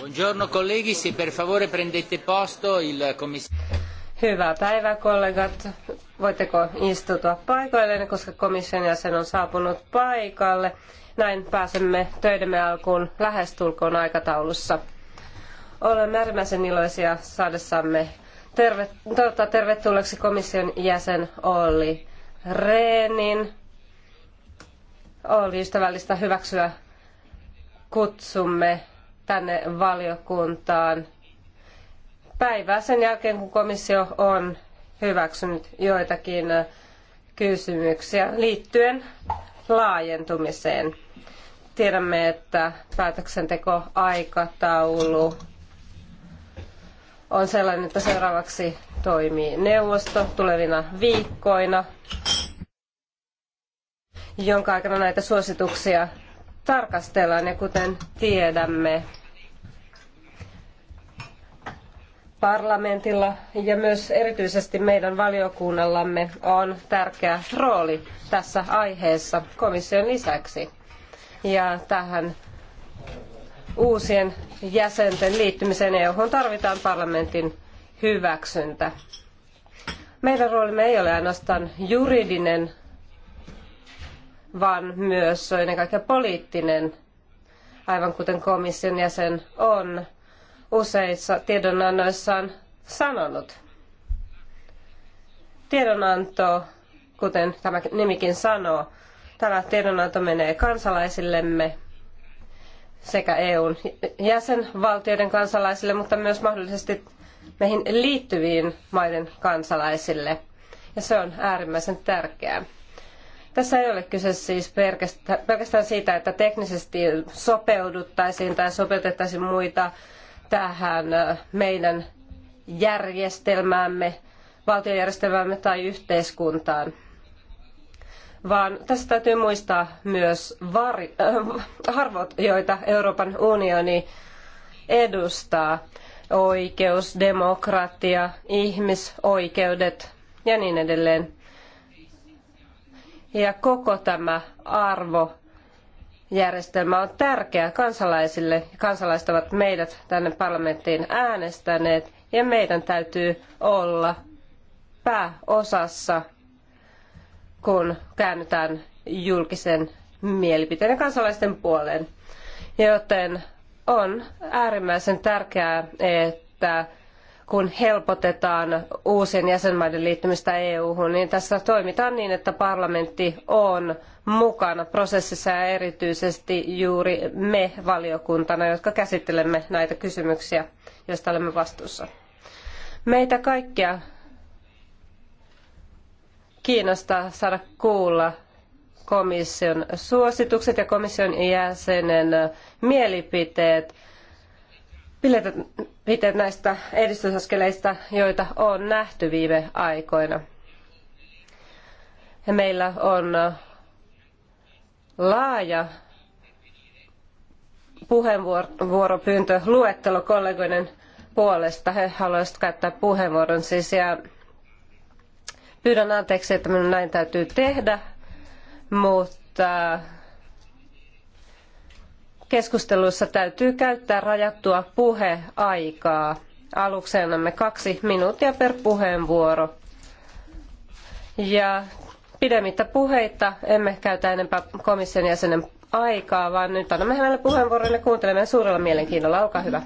Buongiorno colleghi, se per favore prendete posto il commissario. Hyvää päivää kollegat. Voitteko istutua paikoilleen, koska komission jäsen on saapunut paikalle. Näin pääsemme töidemme alkuun lähestulkoon aikataulussa. Olemme äärimmäisen iloisia saadessamme terve, toivottaa tervetulleeksi komission jäsen Olli Reenin oli ystävällistä hyväksyä kutsumme tänne valiokuntaan päivää sen jälkeen, kun komissio on hyväksynyt joitakin kysymyksiä liittyen laajentumiseen. Tiedämme, että päätöksentekoaikataulu on sellainen, että seuraavaksi toimii neuvosto tulevina viikkoina jonka aikana näitä suosituksia tarkastellaan. Ja kuten tiedämme, parlamentilla ja myös erityisesti meidän valiokunnallamme on tärkeä rooli tässä aiheessa komission lisäksi. Ja tähän uusien jäsenten liittymiseen EU-hun tarvitaan parlamentin hyväksyntä. Meidän roolimme ei ole ainoastaan juridinen vaan myös ennen kaikkea poliittinen, aivan kuten komission jäsen on useissa tiedonannoissaan sanonut. Tiedonanto, kuten tämä nimikin sanoo, tämä tiedonanto menee kansalaisillemme sekä EUn jäsenvaltioiden kansalaisille, mutta myös mahdollisesti meihin liittyviin maiden kansalaisille. Ja se on äärimmäisen tärkeää. Tässä ei ole kyse siis pelkästään siitä, että teknisesti sopeuduttaisiin tai sopeutettaisiin muita tähän meidän järjestelmäämme, valtiojärjestelmäämme tai yhteiskuntaan. Vaan tässä täytyy muistaa myös vari, äh, arvot, joita Euroopan unioni edustaa. Oikeus, demokratia, ihmisoikeudet ja niin edelleen. Ja koko tämä arvojärjestelmä on tärkeä kansalaisille. Kansalaiset ovat meidät tänne parlamenttiin äänestäneet ja meidän täytyy olla pääosassa, kun käännytään julkisen mielipiteen ja kansalaisten puoleen. Joten on äärimmäisen tärkeää, että kun helpotetaan uusien jäsenmaiden liittymistä EU-hun, niin tässä toimitaan niin, että parlamentti on mukana prosessissa ja erityisesti juuri me valiokuntana, jotka käsittelemme näitä kysymyksiä, joista olemme vastuussa. Meitä kaikkia kiinnostaa saada kuulla komission suositukset ja komission jäsenen mielipiteet – pidet näistä edistysaskeleista, joita on nähty viime aikoina. Ja meillä on äh, laaja puheenvuoropyyntö luettelo kollegoiden puolesta. He haluaisivat käyttää puheenvuoron siis ja pyydän anteeksi, että minun näin täytyy tehdä, mutta keskusteluissa täytyy käyttää rajattua puheaikaa. Aluksi annamme kaksi minuuttia per puheenvuoro. Ja pidemmittä puheita emme käytä enempää komission jäsenen aikaa, vaan nyt annamme hänelle puheenvuoron ja kuuntelemme suurella mielenkiinnolla. Olkaa hyvä.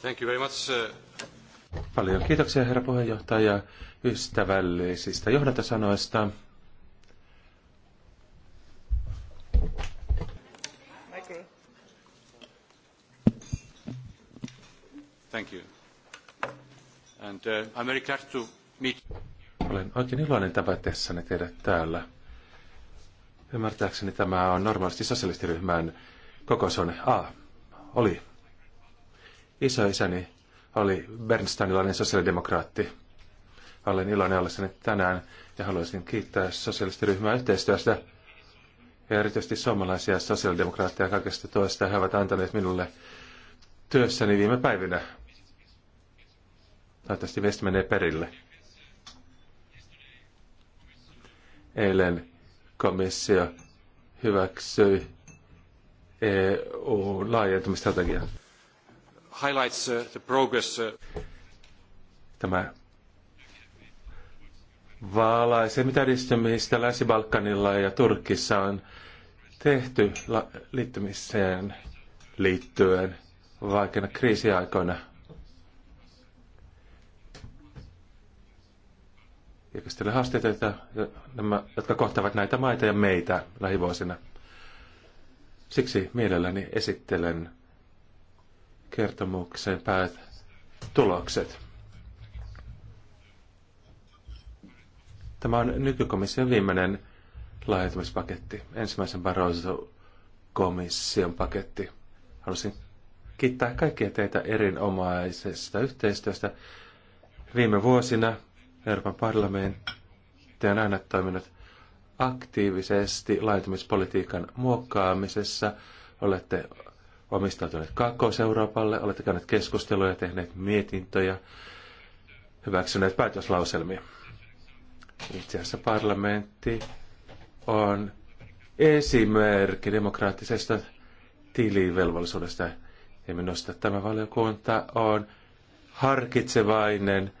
Thank you very much. Paljon kiitoksia herra puheenjohtaja ystävällisistä johdantasanoista. Thank you. And, uh, I'm very glad to meet Olen oikein iloinen tavatessani teidät täällä. Ymmärtääkseni tämä on normaalisti sosialistiryhmän kokous on A. oli. Isoisäni oli Bernsteinilainen sosiaalidemokraatti. Olen iloinen ollessani tänään ja haluaisin kiittää sosialistiryhmää yhteistyöstä ja erityisesti suomalaisia sosiaalidemokraatteja kaikesta toista he ovat antaneet minulle työssäni viime päivinä. Toivottavasti viesti menee perille. Eilen komissio hyväksyi EU-laajentumistrategian. Highlights uh, the progress. Uh, Tämä vaalaisi, mitä edistymistä Länsi-Balkanilla ja Turkissa on tehty liittymiseen liittyen vaikeina kriisiaikoina – ja haasteita, että nämä, jotka kohtavat näitä maita ja meitä lähivuosina. Siksi mielelläni esittelen kertomuksen päätulokset. Tämä on nykykomission viimeinen lahjoitumispaketti, ensimmäisen Barroso-komission paketti. Haluaisin kiittää kaikkia teitä erinomaisesta yhteistyöstä viime vuosina – Euroopan parlamentin aina toiminut aktiivisesti laajentumispolitiikan muokkaamisessa. Olette omistautuneet Kaakkois-Euroopalle, olette käyneet keskusteluja, tehneet mietintöjä, hyväksyneet päätöslauselmia. Itse asiassa parlamentti on esimerkki demokraattisesta tilivelvollisuudesta. Ja minusta tämä valiokunta on harkitsevainen –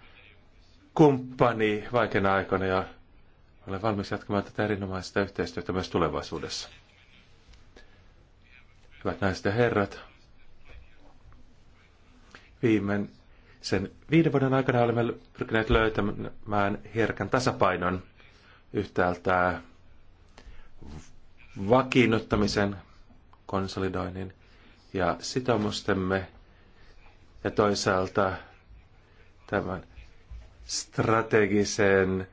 kumppani vaikeina aikoina ja olen valmis jatkamaan tätä erinomaista yhteistyötä myös tulevaisuudessa. Hyvät naiset ja herrat, viimein sen viiden vuoden aikana olemme pyrkineet löytämään herkän tasapainon yhtäältä vakiinnuttamisen, konsolidoinnin ja sitoumustemme ja toisaalta tämän strategisen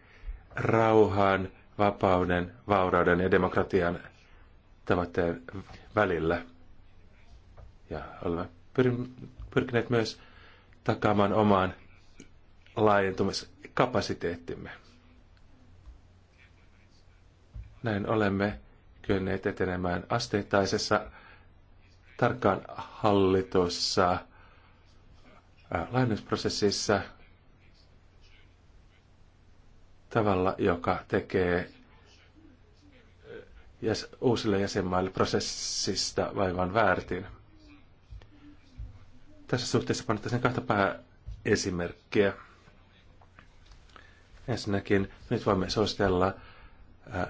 rauhan, vapauden, vaurauden ja demokratian tavoitteen välillä. Ja olemme pyrkineet myös takaamaan omaan laajentumiskapasiteettimme. Näin olemme kyenneet etenemään asteittaisessa tarkkaan hallitussa lainusprosessissa tavalla, joka tekee jäs, uusille jäsenmaille prosessista vaivan väärtin. Tässä suhteessa panettaisiin kahta pääesimerkkiä. Ensinnäkin nyt voimme suositella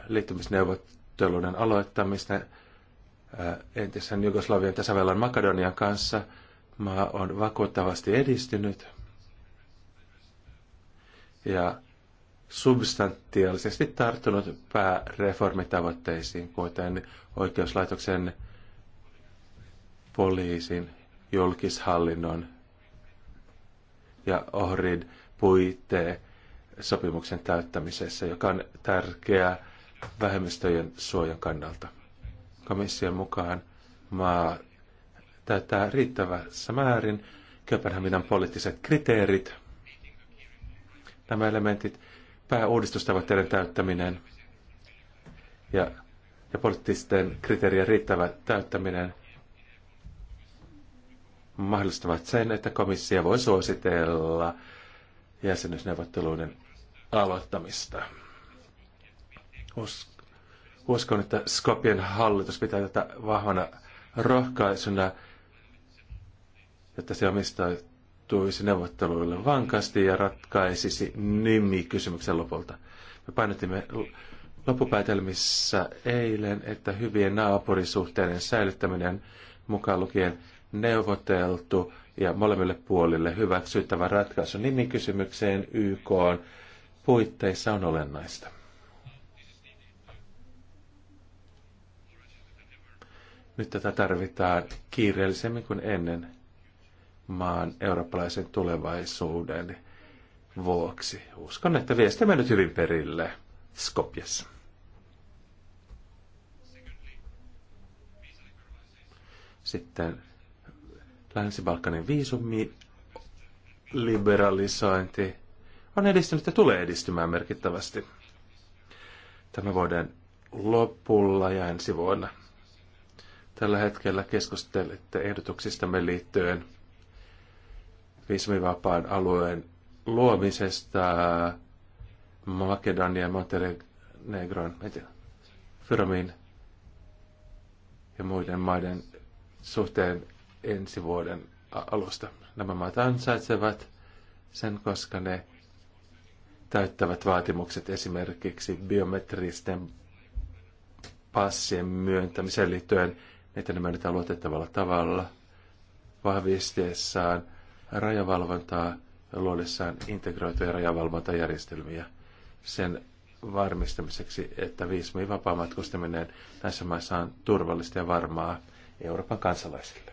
liittymisneuvotteluiden aloittamista entisen Jugoslavian tasavallan Makedonian kanssa. Maa on vakuuttavasti edistynyt ja substantiaalisesti tarttunut pääreformitavoitteisiin, kuten oikeuslaitoksen, poliisin, julkishallinnon ja OHRID puitteen sopimuksen täyttämisessä, joka on tärkeä vähemmistöjen suojan kannalta. Komission mukaan maa täyttää riittävässä määrin Kööpenhaminan poliittiset kriteerit. Nämä elementit pääuudistustavoitteiden täyttäminen ja, ja poliittisten kriteerien riittävä täyttäminen mahdollistavat sen, että komissio voi suositella jäsenyysneuvotteluiden aloittamista. Uskon, että Skopien hallitus pitää tätä vahvana rohkaisuna, että se omistaa tarttuisi neuvotteluille vankasti ja ratkaisisi nimikysymyksen lopulta. Me painotimme loppupäätelmissä eilen, että hyvien naapurisuhteiden säilyttäminen mukaan lukien neuvoteltu ja molemmille puolille hyväksyttävä ratkaisu nimikysymykseen YK on puitteissa on olennaista. Nyt tätä tarvitaan kiireellisemmin kuin ennen maan eurooppalaisen tulevaisuuden vuoksi. Uskon, että viesti mennyt hyvin perille Skopjassa. Sitten Länsi-Balkanin viisumi liberalisointi on edistynyt ja tulee edistymään merkittävästi. Tämä vuoden lopulla ja ensi vuonna. Tällä hetkellä keskustelette ehdotuksistamme liittyen – viisumivapaan alueen luomisesta Makedonia ja Montenegron, Fyromin ja muiden maiden suhteen ensi vuoden alusta. Nämä maat ansaitsevat sen, koska ne täyttävät vaatimukset esimerkiksi biometristen passien myöntämiseen liittyen, että ne myönnetään luotettavalla tavalla vahvistiessaan – rajavalvontaa luodessaan integroituja rajavalvontajärjestelmiä sen varmistamiseksi, että viisumi vapaamatkustaminen näissä maissa on turvallista ja varmaa Euroopan kansalaisille.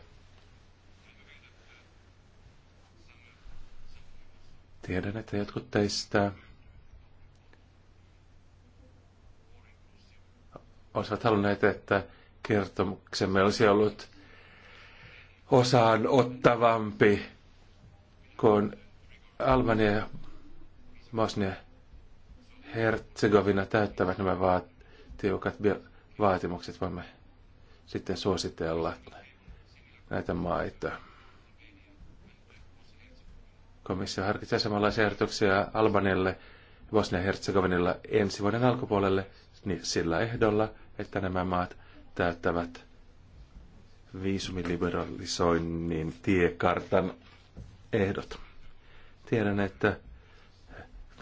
Tiedän, että jotkut teistä olisivat halunneet, että kertomuksemme olisi ollut osaan ottavampi kun Albania ja Bosnia Herzegovina täyttävät nämä vaat, tiukat vaatimukset, voimme sitten suositella näitä maita. Komissio harkitsee samanlaisia ehdotuksia Albanialle ja Bosnia-Herzegovinilla ensi vuoden alkupuolelle niin sillä ehdolla, että nämä maat täyttävät viisumiliberalisoinnin tiekartan ehdot. Tiedän, että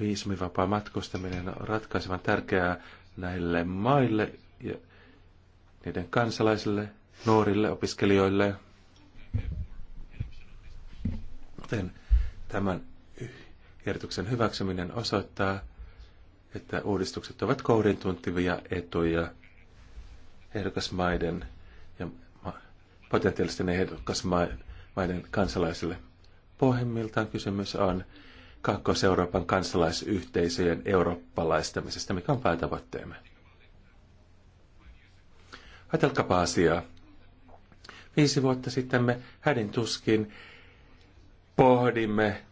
viisumivapaa matkustaminen on ratkaisevan tärkeää näille maille ja niiden kansalaisille, nuorille, opiskelijoille. Joten tämän ehdotuksen hyväksyminen osoittaa, että uudistukset ovat kourin tuntivia etuja ehdokasmaiden ja potentiaalisten ehdokasmaiden kansalaisille pohjimmiltaan kysymys on Kaakkois-Euroopan kansalaisyhteisöjen eurooppalaistamisesta, mikä on päätavoitteemme. Ajatelkaapa asiaa. Viisi vuotta sitten me hädin tuskin pohdimme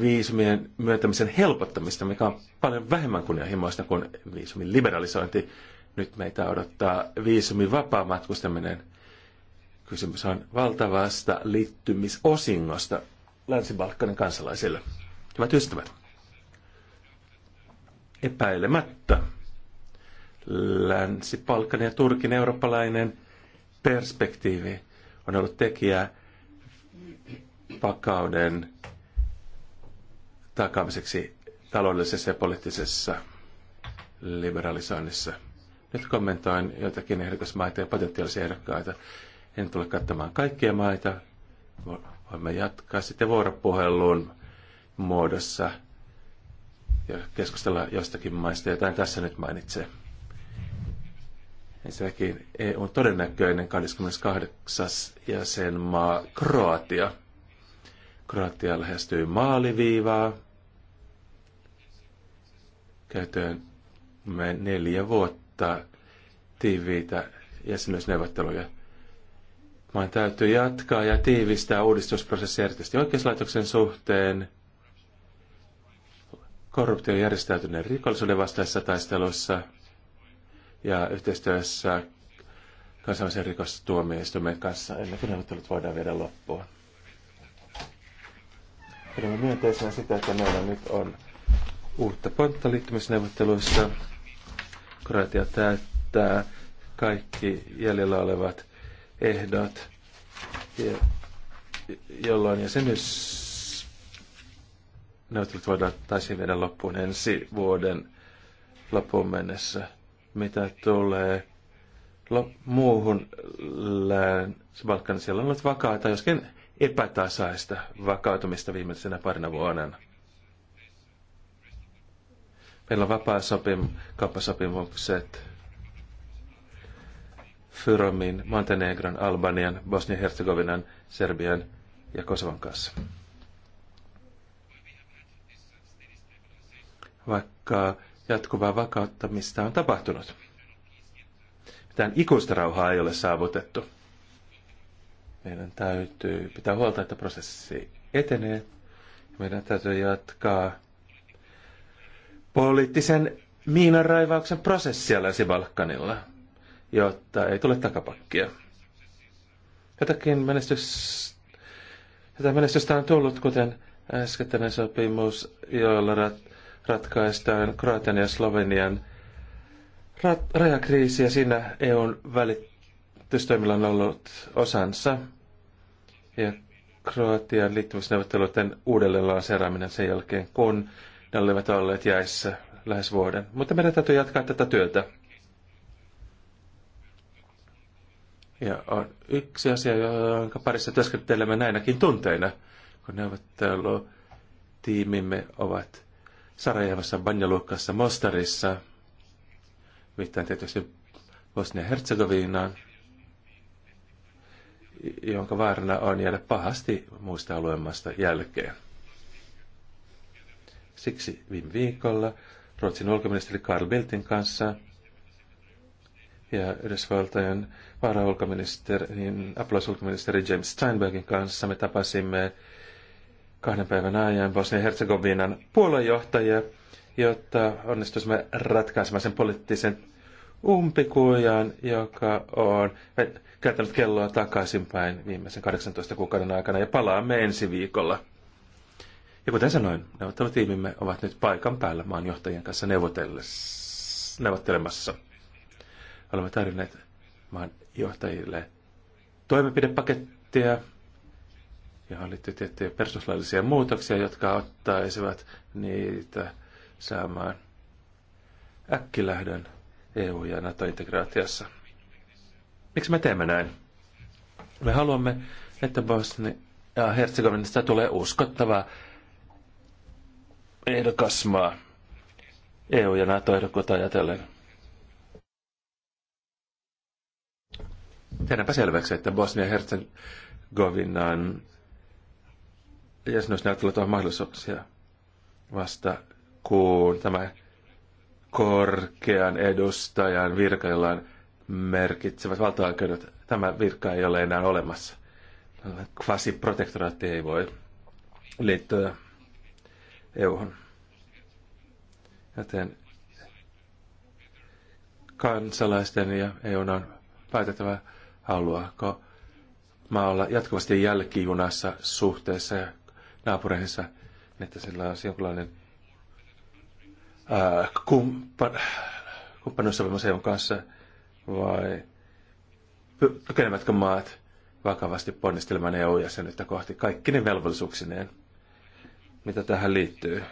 viisumien myöntämisen helpottamista, mikä on paljon vähemmän kunnianhimoista kuin viisumin liberalisointi. Nyt meitä odottaa viisumin vapaa matkustaminen. Kysymys on valtavasta liittymisosingosta Länsi-Balkanin kansalaisille. Hyvät ystävät, epäilemättä Länsi-Balkanin ja Turkin eurooppalainen perspektiivi on ollut tekijä vakauden takaamiseksi taloudellisessa ja poliittisessa liberalisoinnissa. Nyt kommentoin joitakin ehdokasmaita ja potentiaalisia ehdokkaita. En tule katsomaan kaikkia maita voimme jatkaa sitten vuoropuhelun muodossa ja keskustella jostakin maista, jota en tässä nyt mainitse. Ensinnäkin e on todennäköinen 28. jäsenmaa Kroatia. Kroatia lähestyy maaliviivaa. Käytöön me neljä vuotta tiiviitä jäsenyysneuvotteluja vaan täytyy jatkaa ja tiivistää uudistusprosessia erityisesti oikeuslaitoksen suhteen, korruptio järjestäytyneen rikollisuuden vastaisessa taistelussa ja yhteistyössä kansainvälisen rikostuomioistuimen kanssa ennen kuin neuvottelut voidaan viedä loppuun. Pidämme myönteisenä sitä, että meillä nyt on uutta pontta liittymisneuvotteluissa. Kroatia täyttää kaikki jäljellä olevat ehdot, ja, jolloin jäsenyys neuvottelut voidaan taisi viedä loppuun ensi vuoden loppuun mennessä. Mitä tulee muuhun lään, Balkan, siellä on ollut vakaata, joskin epätasaista vakautumista viimeisenä parina vuonna. Meillä on vapaa sopim, kauppasopimukset, Fyromin, Montenegron, Albanian, Bosnia-Herzegovinan, Serbian ja Kosovan kanssa. Vaikka jatkuvaa vakauttamista on tapahtunut. Mitään ikuista rauhaa ei ole saavutettu. Meidän täytyy pitää huolta, että prosessi etenee. Meidän täytyy jatkaa poliittisen miinanraivauksen prosessia Länsi-Balkanilla jotta ei tule takapakkia. Jotakin menestys, tätä menestystä on tullut, kuten äskettäinen sopimus, jolla rat, ratkaistaan Kroatian ja Slovenian rat, rajakriisi ja siinä EUn välitystoimilla on ollut osansa. Ja Kroatian liittymisneuvotteluiden uudelleen lanseeraaminen sen jälkeen, kun ne olivat olleet jäissä lähes vuoden. Mutta meidän täytyy jatkaa tätä työtä. Ja on yksi asia, jonka parissa työskentelemme näinäkin tunteina, kun neuvottelutiimimme ovat Sarajevassa, Banjalukassa, Mostarissa, viittaan tietysti Bosnia-Herzegovinaan, jonka vaarana on jäädä pahasti muista alueemmasta jälkeen. Siksi viime viikolla Ruotsin ulkoministeri Karl Biltin kanssa – ja Yhdysvaltojen varaulkoministerin, apulaisulkoministeri James Steinbergin kanssa me tapasimme kahden päivän ajan Bosnia-Herzegovinan puoluejohtajia, jotta onnistuisimme ratkaisemaan sen poliittisen umpikujan, joka on käyttänyt kelloa takaisinpäin viimeisen 18 kuukauden aikana ja palaamme ensi viikolla. Ja kuten sanoin, neuvottelutiimimme ovat nyt paikan päällä maanjohtajien kanssa neuvottelemassa olemme tarjonneet maan johtajille toimenpidepakettia, johon liittyy tiettyjä perustuslaillisia muutoksia, jotka ottaisivat niitä saamaan äkkilähdön EU- ja NATO-integraatiossa. Miksi me teemme näin? Me haluamme, että Bosnia ja Herzegovinasta tulee uskottava ehdokasmaa EU- ja NATO-ehdokkuutta ajatellen. Tehdäänpä selväksi, että Bosnia-Herzegovinan jäsenyysneuvottelut on mahdollisuuksia vasta kun tämä korkean edustajan virkaillaan merkitsevät valtaoikeudet, tämä virka ei ole enää olemassa. Kvasiprotektoraatti ei voi liittyä EU-hun. Joten kansalaisten ja EUn on päätettävä, Haluaako maa olla jatkuvasti jälkijunassa suhteessa ja naapureissa, että sillä on jonkinlainen kumppan, kumppanuussopimus kanssa, vai kykenevätkö maat vakavasti ponnistelemaan EU-jäsenyyttä kohti kaikki ne velvollisuuksineen, mitä tähän liittyy?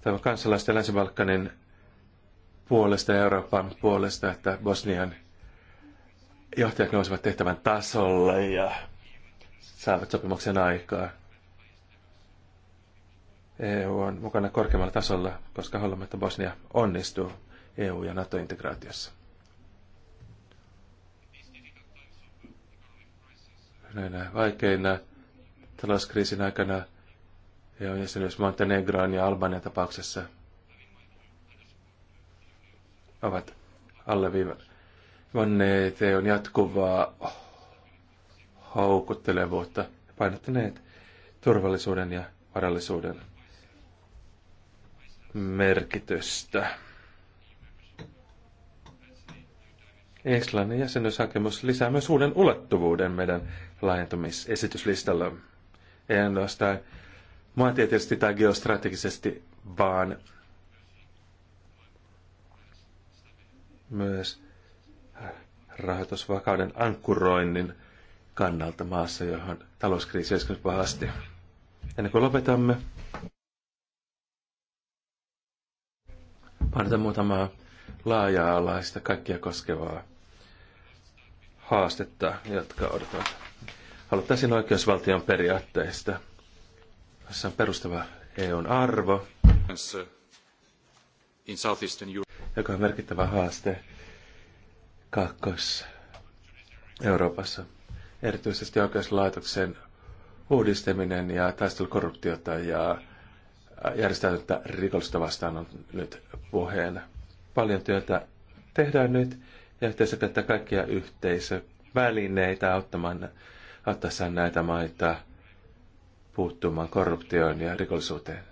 Tämä kansalaisten Länsi-Balkanin puolesta ja Euroopan puolesta, että Bosnian johtajat nousevat tehtävän tasolle ja saavat sopimuksen aikaa. EU on mukana korkeammalla tasolla, koska haluamme, että Bosnia onnistuu EU- ja NATO-integraatiossa. Näinä vaikeina talouskriisin aikana EU-jäsenyys Montenegron ja Albanian tapauksessa – ovat alleviivanneet on jatkuvaa houkuttelevuutta ja painottaneet turvallisuuden ja varallisuuden merkitystä. Islannin jäsenyyshakemus lisää myös uuden ulottuvuuden meidän laajentumisesityslistalla. Ei ainoastaan maantieteellisesti tai geostrategisesti, vaan myös äh, rahoitusvakauden ankkuroinnin kannalta maassa, johon talouskriisi iskenyt pahasti. Ennen kuin lopetamme, painotan muutamaa laaja-alaista, kaikkia koskevaa haastetta, jotka odottavat. Haluttaisiin oikeusvaltion periaatteista. Tässä on perustava EUn arvo. Yes, in southeastern Europe. Joka on merkittävä haaste Kaakkois-Euroopassa. Erityisesti oikeuslaitoksen uudistaminen ja taistelu korruptiota ja järjestäytynyttä rikollista vastaan on nyt puheena. Paljon työtä tehdään nyt ja yhteensä käyttää kaikkia yhteisövälineitä auttamaan, auttaessaan näitä maita puuttumaan korruptioon ja rikollisuuteen.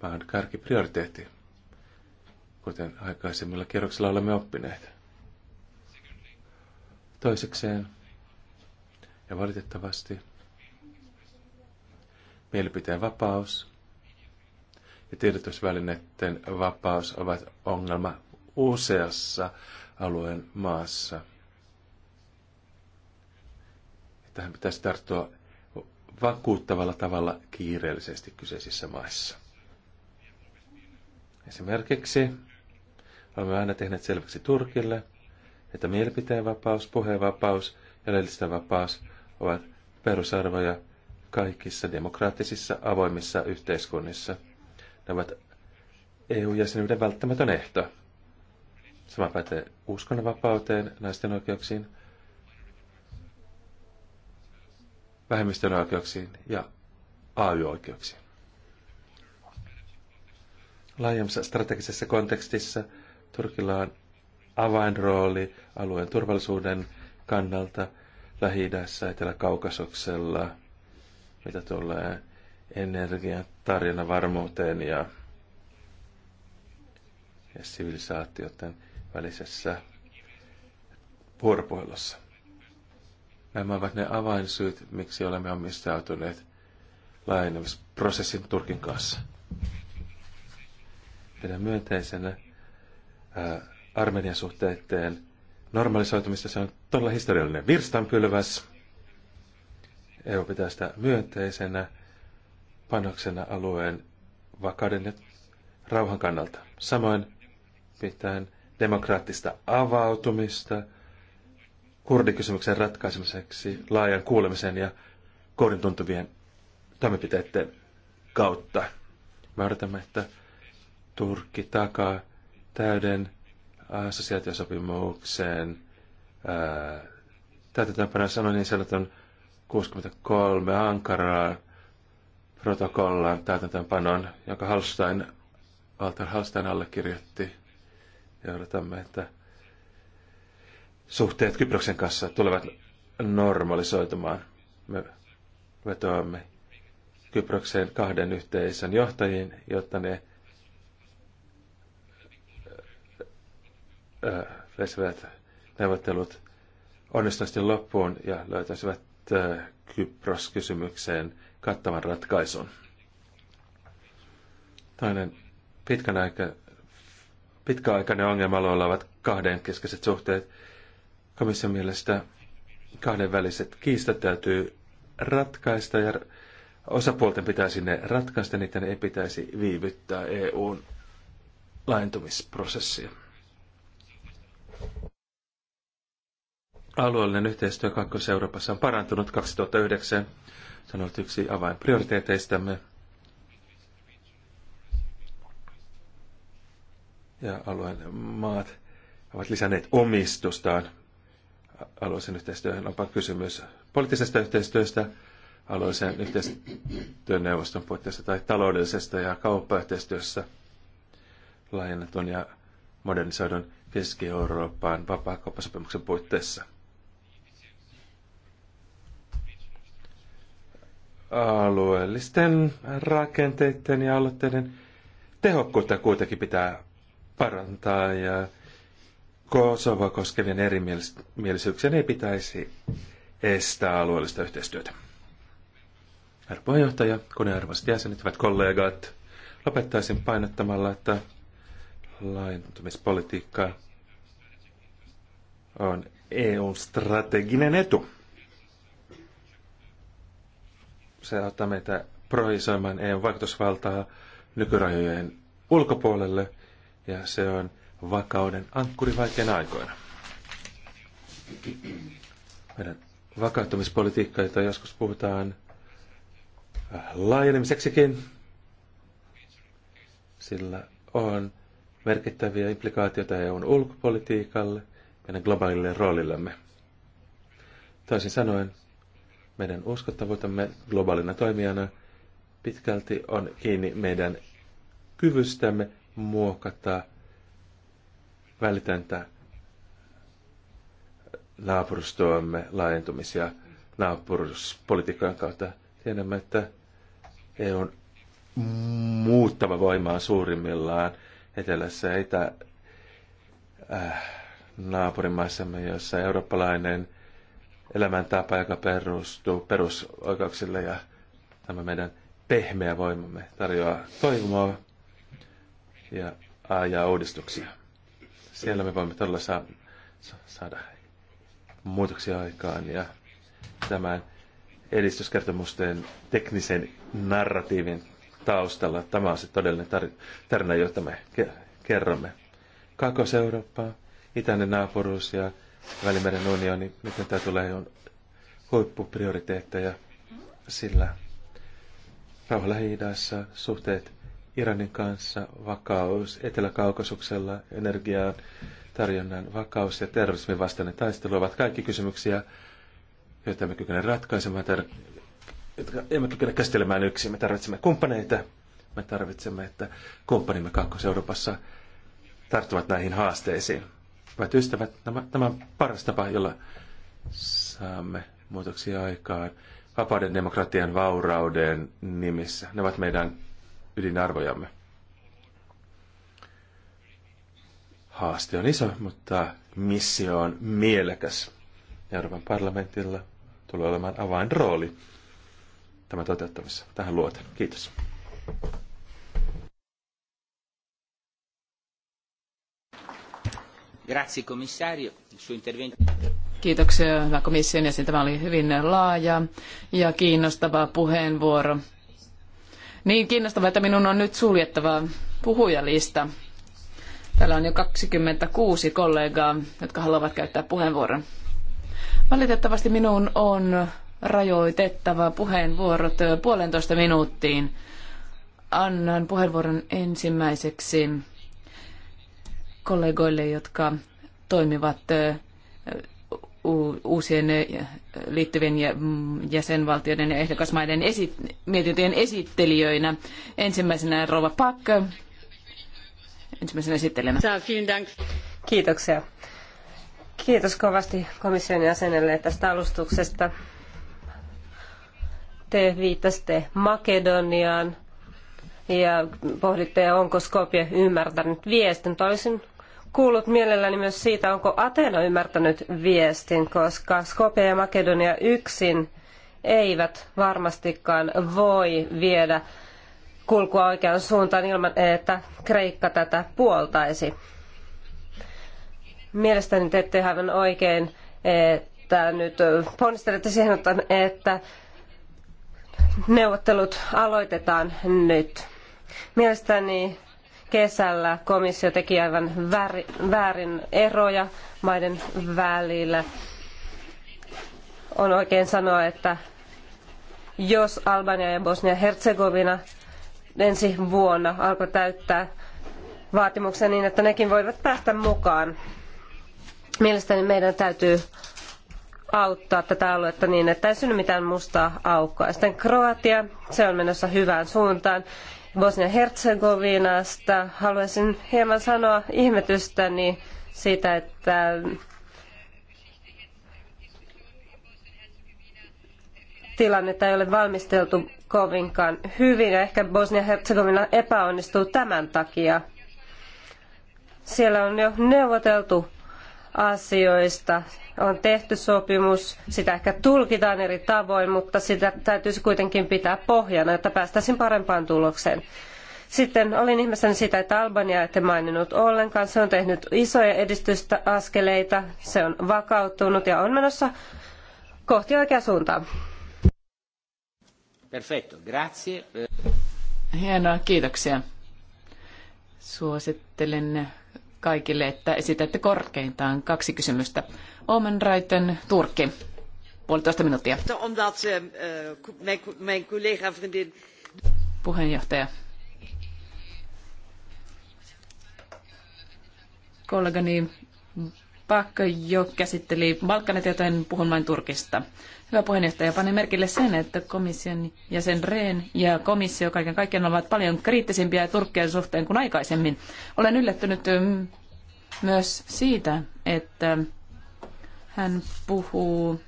Tämä on kärkiprioriteetti kuten aikaisemmilla kierroksilla olemme oppineet. Toisekseen, ja valitettavasti, mielipiteen vapaus ja tiedotusvälineiden vapaus ovat ongelma useassa alueen maassa. Tähän pitäisi tarttua vakuuttavalla tavalla kiireellisesti kyseisissä maissa. Esimerkiksi Olemme aina tehneet selväksi Turkille, että puheen vapaus ja vapaus ovat perusarvoja kaikissa demokraattisissa avoimissa yhteiskunnissa. Ne ovat EU-jäsenyyden välttämätön ehto. Sama pätee uskonnonvapauteen, naisten oikeuksiin, vähemmistön oikeuksiin ja AY-oikeuksiin. Laajemmassa strategisessa kontekstissa – Turkilla on avainrooli alueen turvallisuuden kannalta Lähi-idässä, Etelä-Kaukasoksella, mitä tulee energian tarjona varmuuteen ja, ja sivilisaatioiden välisessä vuoropuhelussa. Nämä ovat ne avainsyyt, miksi olemme omistautuneet laajenemisprosessin Turkin kanssa. Pidän myönteisenä Äh, Armenian suhteiden normalisoitumista. Se on todella historiallinen virstanpylväs. EU pitää sitä myönteisenä panoksena alueen vakauden ja rauhan kannalta. Samoin pitää demokraattista avautumista kurdikysymyksen ratkaisemiseksi laajan kuulemisen ja kourin tuntuvien toimenpiteiden kautta. Me odotamme, että Turkki takaa täyden äh, assosiaatiosopimukseen äh, Täytetäänpä sanoin niin on 63 Ankaraa protokollan täytäntöönpanon, jonka Halstein, Walter Halstein allekirjoitti. Ja odotamme, että suhteet Kyproksen kanssa tulevat normalisoitumaan. Me vetoamme Kyproksen kahden yhteisön johtajiin, jotta ne veisivät neuvottelut onnistuisesti loppuun ja löytäisivät Kypros-kysymykseen kattavan ratkaisun. Toinen pitkän aika, pitkäaikainen ongelma alueella ovat kahdenkeskeiset suhteet. Komission mielestä väliset kiistat täytyy ratkaista ja osapuolten pitäisi ne ratkaista, niiden ei pitäisi viivyttää EUn laajentumisprosessia. Alueellinen yhteistyö Kaakkois-Euroopassa on parantunut 2009. Se on ollut yksi avainprioriteeteistämme. Ja alueen maat ovat lisänneet omistustaan alueellisen yhteistyöhön. Onpa kysymys poliittisesta yhteistyöstä, alueellisen neuvoston puitteissa tai taloudellisesta ja kauppayhteistyössä laajennetun ja modernisoidun Keski-Eurooppaan vapaakauppasopimuksen puitteissa. alueellisten rakenteiden ja aloitteiden tehokkuutta kuitenkin pitää parantaa ja Kosovoa koskevien erimielisyyksien ei pitäisi estää alueellista yhteistyötä. Herra puheenjohtaja, kunnianarvoiset jäsenet, hyvät kollegat, lopettaisin painottamalla, että laajentumispolitiikka on eu strateginen etu. Se auttaa meitä projisoimaan EUn vaikutusvaltaa nykyrajojen ulkopuolelle ja se on vakauden ankkuri vaikeina aikoina. Meidän vakauttamispolitiikka, jota joskus puhutaan äh, laajenemiseksikin, sillä on merkittäviä implikaatioita EUn ulkopolitiikalle, meidän globaalille roolillemme. Toisin sanoen, meidän uskottavuutemme globaalina toimijana pitkälti on kiinni meidän kyvystämme muokata välitöntä naapurustoamme laajentumisia naapuruspolitiikan kautta. Tiedämme, että EUn muuttava voima on suurimmillaan etelässä itä äh, naapurimaissamme, jossa eurooppalainen elämäntapa, joka perustuu perusoikeuksille ja tämä meidän pehmeä voimamme tarjoaa toivoa ja ajaa uudistuksia. Siellä me voimme todella saa, saada muutoksia aikaan ja tämän edistyskertomusten teknisen narratiivin taustalla. Tämä on se todellinen tarina, jota me kerromme. kaakos eurooppaa itäinen naapuruus ja Välimeren unioni, miten tämä tulee, on huippuprioriteetteja, sillä rauha lähi suhteet Iranin kanssa, vakaus Etelä-Kaukasuksella, energiaan, tarjonnan vakaus ja terrorismin vastainen taistelu ovat kaikki kysymyksiä, joita me kykene ratkaisemaan, tar- jotka emme kykene käsittelemään yksin. Me tarvitsemme kumppaneita, me tarvitsemme, että kumppanimme Kaakkois-Euroopassa tarttuvat näihin haasteisiin. Hyvät ystävät, tämä on paras tapa, jolla saamme muutoksia aikaan vapauden demokratian vaurauden nimissä. Ne ovat meidän ydinarvojamme. Haaste on iso, mutta missio on mielekäs. Euroopan parlamentilla tulee olemaan avainrooli tämän toteuttamisessa. Tähän luotan. Kiitos. Grazie commissario, il suo intervento. Kiitoksia hyvä komission jäsen. Tämä oli hyvin laaja ja kiinnostava puheenvuoro. Niin kiinnostava, että minun on nyt suljettava puhujalista. Täällä on jo 26 kollegaa, jotka haluavat käyttää puheenvuoron. Valitettavasti minun on rajoitettava puheenvuorot puolentoista minuuttiin. Annan puheenvuoron ensimmäiseksi kollegoille, jotka toimivat uusien liittyvien jäsenvaltioiden ja ehdokasmaiden esi- mietintöjen esittelijöinä. Ensimmäisenä Rova Pak, ensimmäisenä esittelijänä. Kiitoksia. Kiitos kovasti komission jäsenelle tästä alustuksesta. Te viittasitte Makedoniaan ja pohditte, onko Skopje ymmärtänyt viestin. Olisin kuullut mielelläni myös siitä, onko Atena ymmärtänyt viestin, koska Skopje ja Makedonia yksin eivät varmastikaan voi viedä kulkua oikeaan suuntaan ilman, että Kreikka tätä puoltaisi. Mielestäni teette aivan oikein, että nyt ponnistelette siihen, että neuvottelut aloitetaan nyt. Mielestäni kesällä komissio teki aivan väärin eroja maiden välillä. On oikein sanoa, että jos Albania ja Bosnia-Herzegovina ensi vuonna alkoi täyttää vaatimuksia niin, että nekin voivat päästä mukaan. Mielestäni meidän täytyy auttaa tätä aluetta niin, että ei synny mitään mustaa aukkoa. Sitten Kroatia, se on menossa hyvään suuntaan. Bosnia-Herzegovinasta. Haluaisin hieman sanoa ihmetystäni siitä, että tilannetta ei ole valmisteltu kovinkaan hyvin ja ehkä Bosnia-Herzegovina epäonnistuu tämän takia. Siellä on jo neuvoteltu asioista. On tehty sopimus, sitä ehkä tulkitaan eri tavoin, mutta sitä täytyisi kuitenkin pitää pohjana, jotta päästäisiin parempaan tulokseen. Sitten olin ihmeessäni sitä, että Albania ette maininnut ollenkaan. Se on tehnyt isoja edistystä askeleita, se on vakautunut ja on menossa kohti oikeaa suuntaa. Perfetto, grazie. Hienoa, kiitoksia. Suosittelen kaikille, että esitätte korkeintaan kaksi kysymystä. Omen Raiten, Turkki. Puolitoista minuuttia. Eh, eh, Puheenjohtaja. Kollegani Pakko jo käsitteli Balkanit, joten puhun vain Turkista. Hyvä puheenjohtaja, pane merkille sen, että komission jäsen Rehn ja komissio kaiken kaikkiaan ovat paljon kriittisimpiä Turkkien suhteen kuin aikaisemmin. Olen yllättynyt mm, myös siitä, että hän puhuu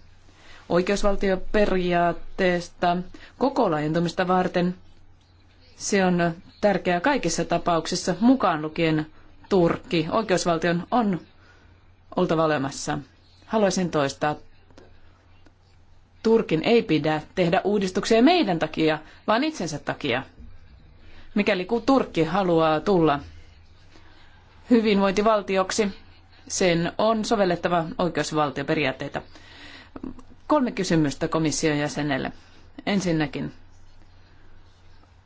oikeusvaltioperiaatteesta koko laajentumista varten. Se on tärkeää kaikissa tapauksissa, mukaan lukien Turkki. Oikeusvaltion on oltava olemassa. Haluaisin toistaa Turkin ei pidä tehdä uudistuksia meidän takia, vaan itsensä takia. Mikäli Turkki haluaa tulla hyvinvointivaltioksi, sen on sovellettava oikeusvaltioperiaatteita. Kolme kysymystä komission jäsenelle. Ensinnäkin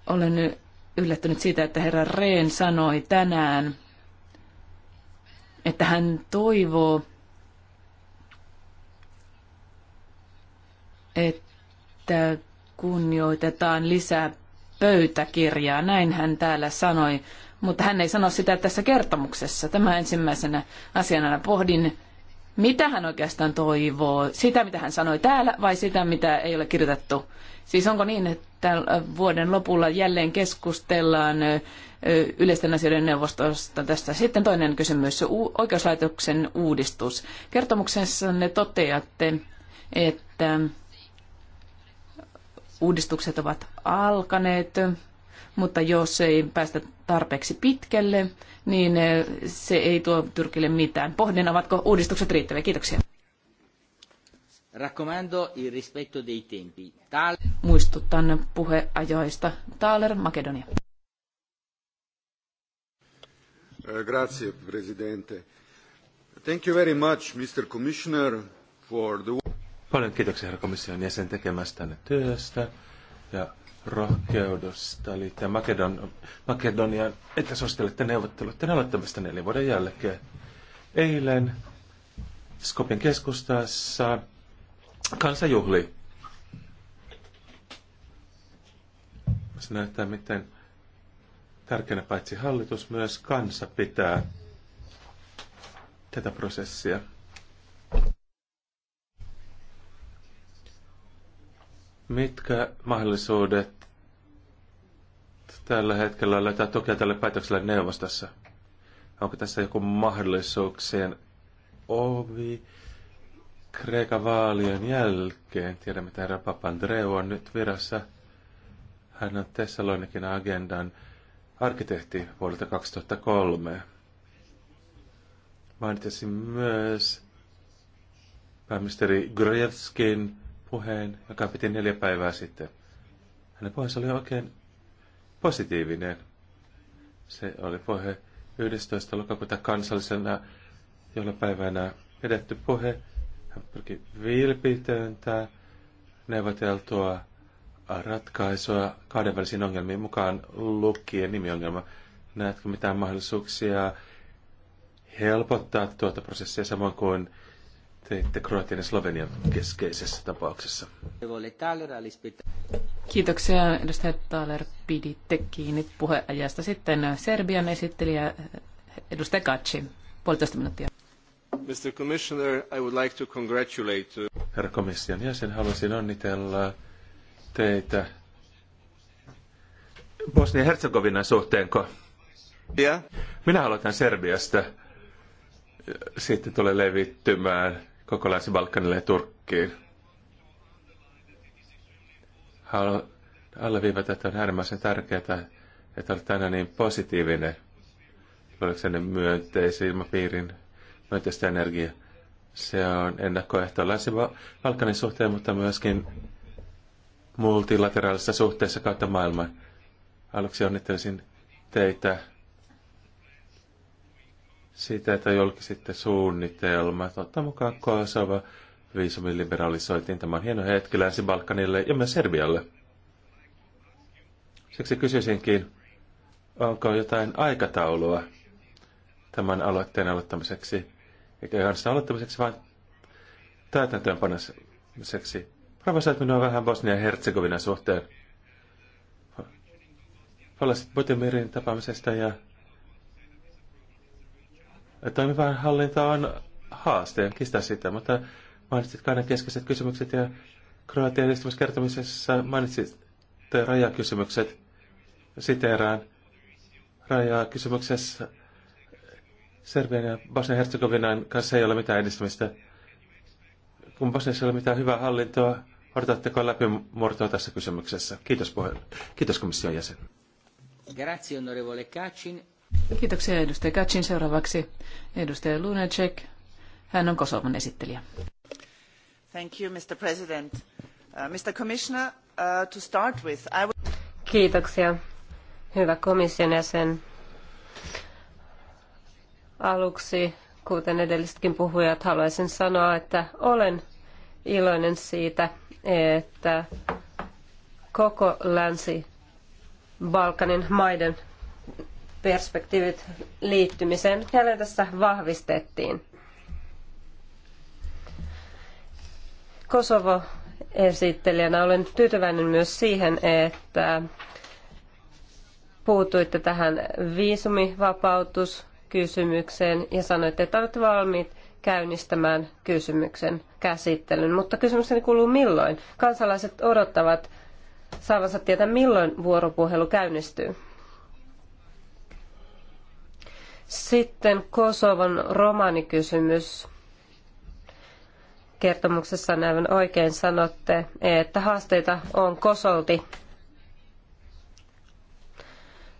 olen yllättynyt siitä, että herra Rehn sanoi tänään, että hän toivoo, että kunnioitetaan lisää pöytäkirjaa. Näin hän täällä sanoi, mutta hän ei sano sitä tässä kertomuksessa. Tämä ensimmäisenä asiana pohdin, mitä hän oikeastaan toivoo, sitä mitä hän sanoi täällä vai sitä mitä ei ole kirjoitettu. Siis onko niin, että vuoden lopulla jälleen keskustellaan yleisten asioiden neuvostosta tästä. Sitten toinen kysymys, oikeuslaitoksen uudistus. Kertomuksessa ne toteatte, että uudistukset ovat alkaneet, mutta jos ei päästä tarpeeksi pitkälle, niin eh, se ei tuo Tyrkille mitään. Pohdin, ovatko uudistukset riittäviä. Kiitoksia. Raccomando il rispetto dei tempi. Tal- Muistutan puheajoista. Taaler, Makedonia. Eh, grazie, Presidente. Thank you very much, Mr. Commissioner, for the... Paljon kiitoksia herra komission jäsen tekemästänne työstä ja rohkeudesta liittyen Makedon, Makedonian, että suosittelette neuvotteluiden aloittamista neljän vuoden jälkeen. Eilen Skopin keskustassa kansanjuhli. Se näyttää, miten tärkeänä paitsi hallitus, myös kansa pitää tätä prosessia. Mitkä mahdollisuudet tällä hetkellä löytää tukea tälle päätökselle neuvostossa? Onko tässä joku mahdollisuuksien ovi Kreikan vaalien jälkeen? Tiedämme, että herra Papandreou on nyt virassa. Hän on Thessalonikin agendan arkkitehti vuodelta 2003. Mainitsin myös pääministeri Grevskin puheen, joka piti neljä päivää sitten. Hänen puheensa oli oikein positiivinen. Se oli puhe 11. lokakuuta kansallisena päivänä edetty puhe. Hän pyrki vilpitöntä neuvoteltua ratkaisua kahdenvälisiin ongelmiin mukaan lukien nimiongelma. Näetkö mitään mahdollisuuksia helpottaa tuota prosessia samoin kuin teitte Kroatian ja Slovenian keskeisessä tapauksessa. Kiitoksia edustaja Thaler. Piditte kiinni puheajasta. Sitten Serbian esittelijä edustaja Kaci. Puolitoista minuuttia. Mr. Commissioner, I would like to congratulate... Herra komission jäsen, haluaisin onnitella teitä Bosnia-Herzegovinan suhteenko? Yeah. Minä aloitan Serbiasta. Sitten tulee levittymään koko Länsi-Balkanille ja Turkkiin. Haluan alleviivata, että on äärimmäisen tärkeää, että olet aina niin positiivinen, oliko myönteisen ilmapiirin, myönteistä energiaa. Se on ennakkoehto Länsi-Balkanin suhteen, mutta myöskin multilateraalisessa suhteessa kautta maailman. Aluksi onnittelisin teitä siitä, että sitten suunnitelma, että ottaa mukaan Kosova, viisumin liberalisoitiin. Tämä on hieno hetki Länsi-Balkanille ja myös Serbialle. Siksi kysyisinkin, onko jotain aikataulua tämän aloitteen aloittamiseksi, eikä sitä aloittamiseksi, vaan täytäntöönpanemiseksi. Provosoit minua vähän bosnia herzegovina suhteen. Palasit Botemirin tapaamisesta ja Toimivan hallinta on haaste, kistä sitä, mutta mainitsit kahden keskeiset kysymykset ja Kroatian kertomisessa. mainitsit rajakysymykset. Siteeraan rajakysymyksessä Serbian ja Bosnia-Herzegovinan kanssa ei ole mitään edistymistä. Kun Bosniassa ei ole mitään hyvää hallintoa, odotatteko läpimurtoa tässä kysymyksessä? Kiitos, puhe- Kiitos komission jäsen. Grazie, onorevole Kacin. Kiitoksia edustaja Katsin. Seuraavaksi edustaja Lunacek. Hän on Kosovan esittelijä. Thank you, Mr. President. Uh, Mr. Commissioner, uh, to start with, I would... Kiitoksia, hyvä komission jäsen. Aluksi, kuten edellisetkin puhujat, haluaisin sanoa, että olen iloinen siitä, että koko länsi Balkanin maiden perspektiivit liittymiseen jälleen tässä vahvistettiin. Kosovo esittelijänä olen tyytyväinen myös siihen, että puutuitte tähän viisumivapautuskysymykseen ja sanoitte, että olette valmiit käynnistämään kysymyksen käsittelyn. Mutta kysymykseni kuuluu milloin? Kansalaiset odottavat saavansa tietää, milloin vuoropuhelu käynnistyy. Sitten Kosovon romanikysymys. Kertomuksessa näin oikein sanotte, että haasteita on kosolti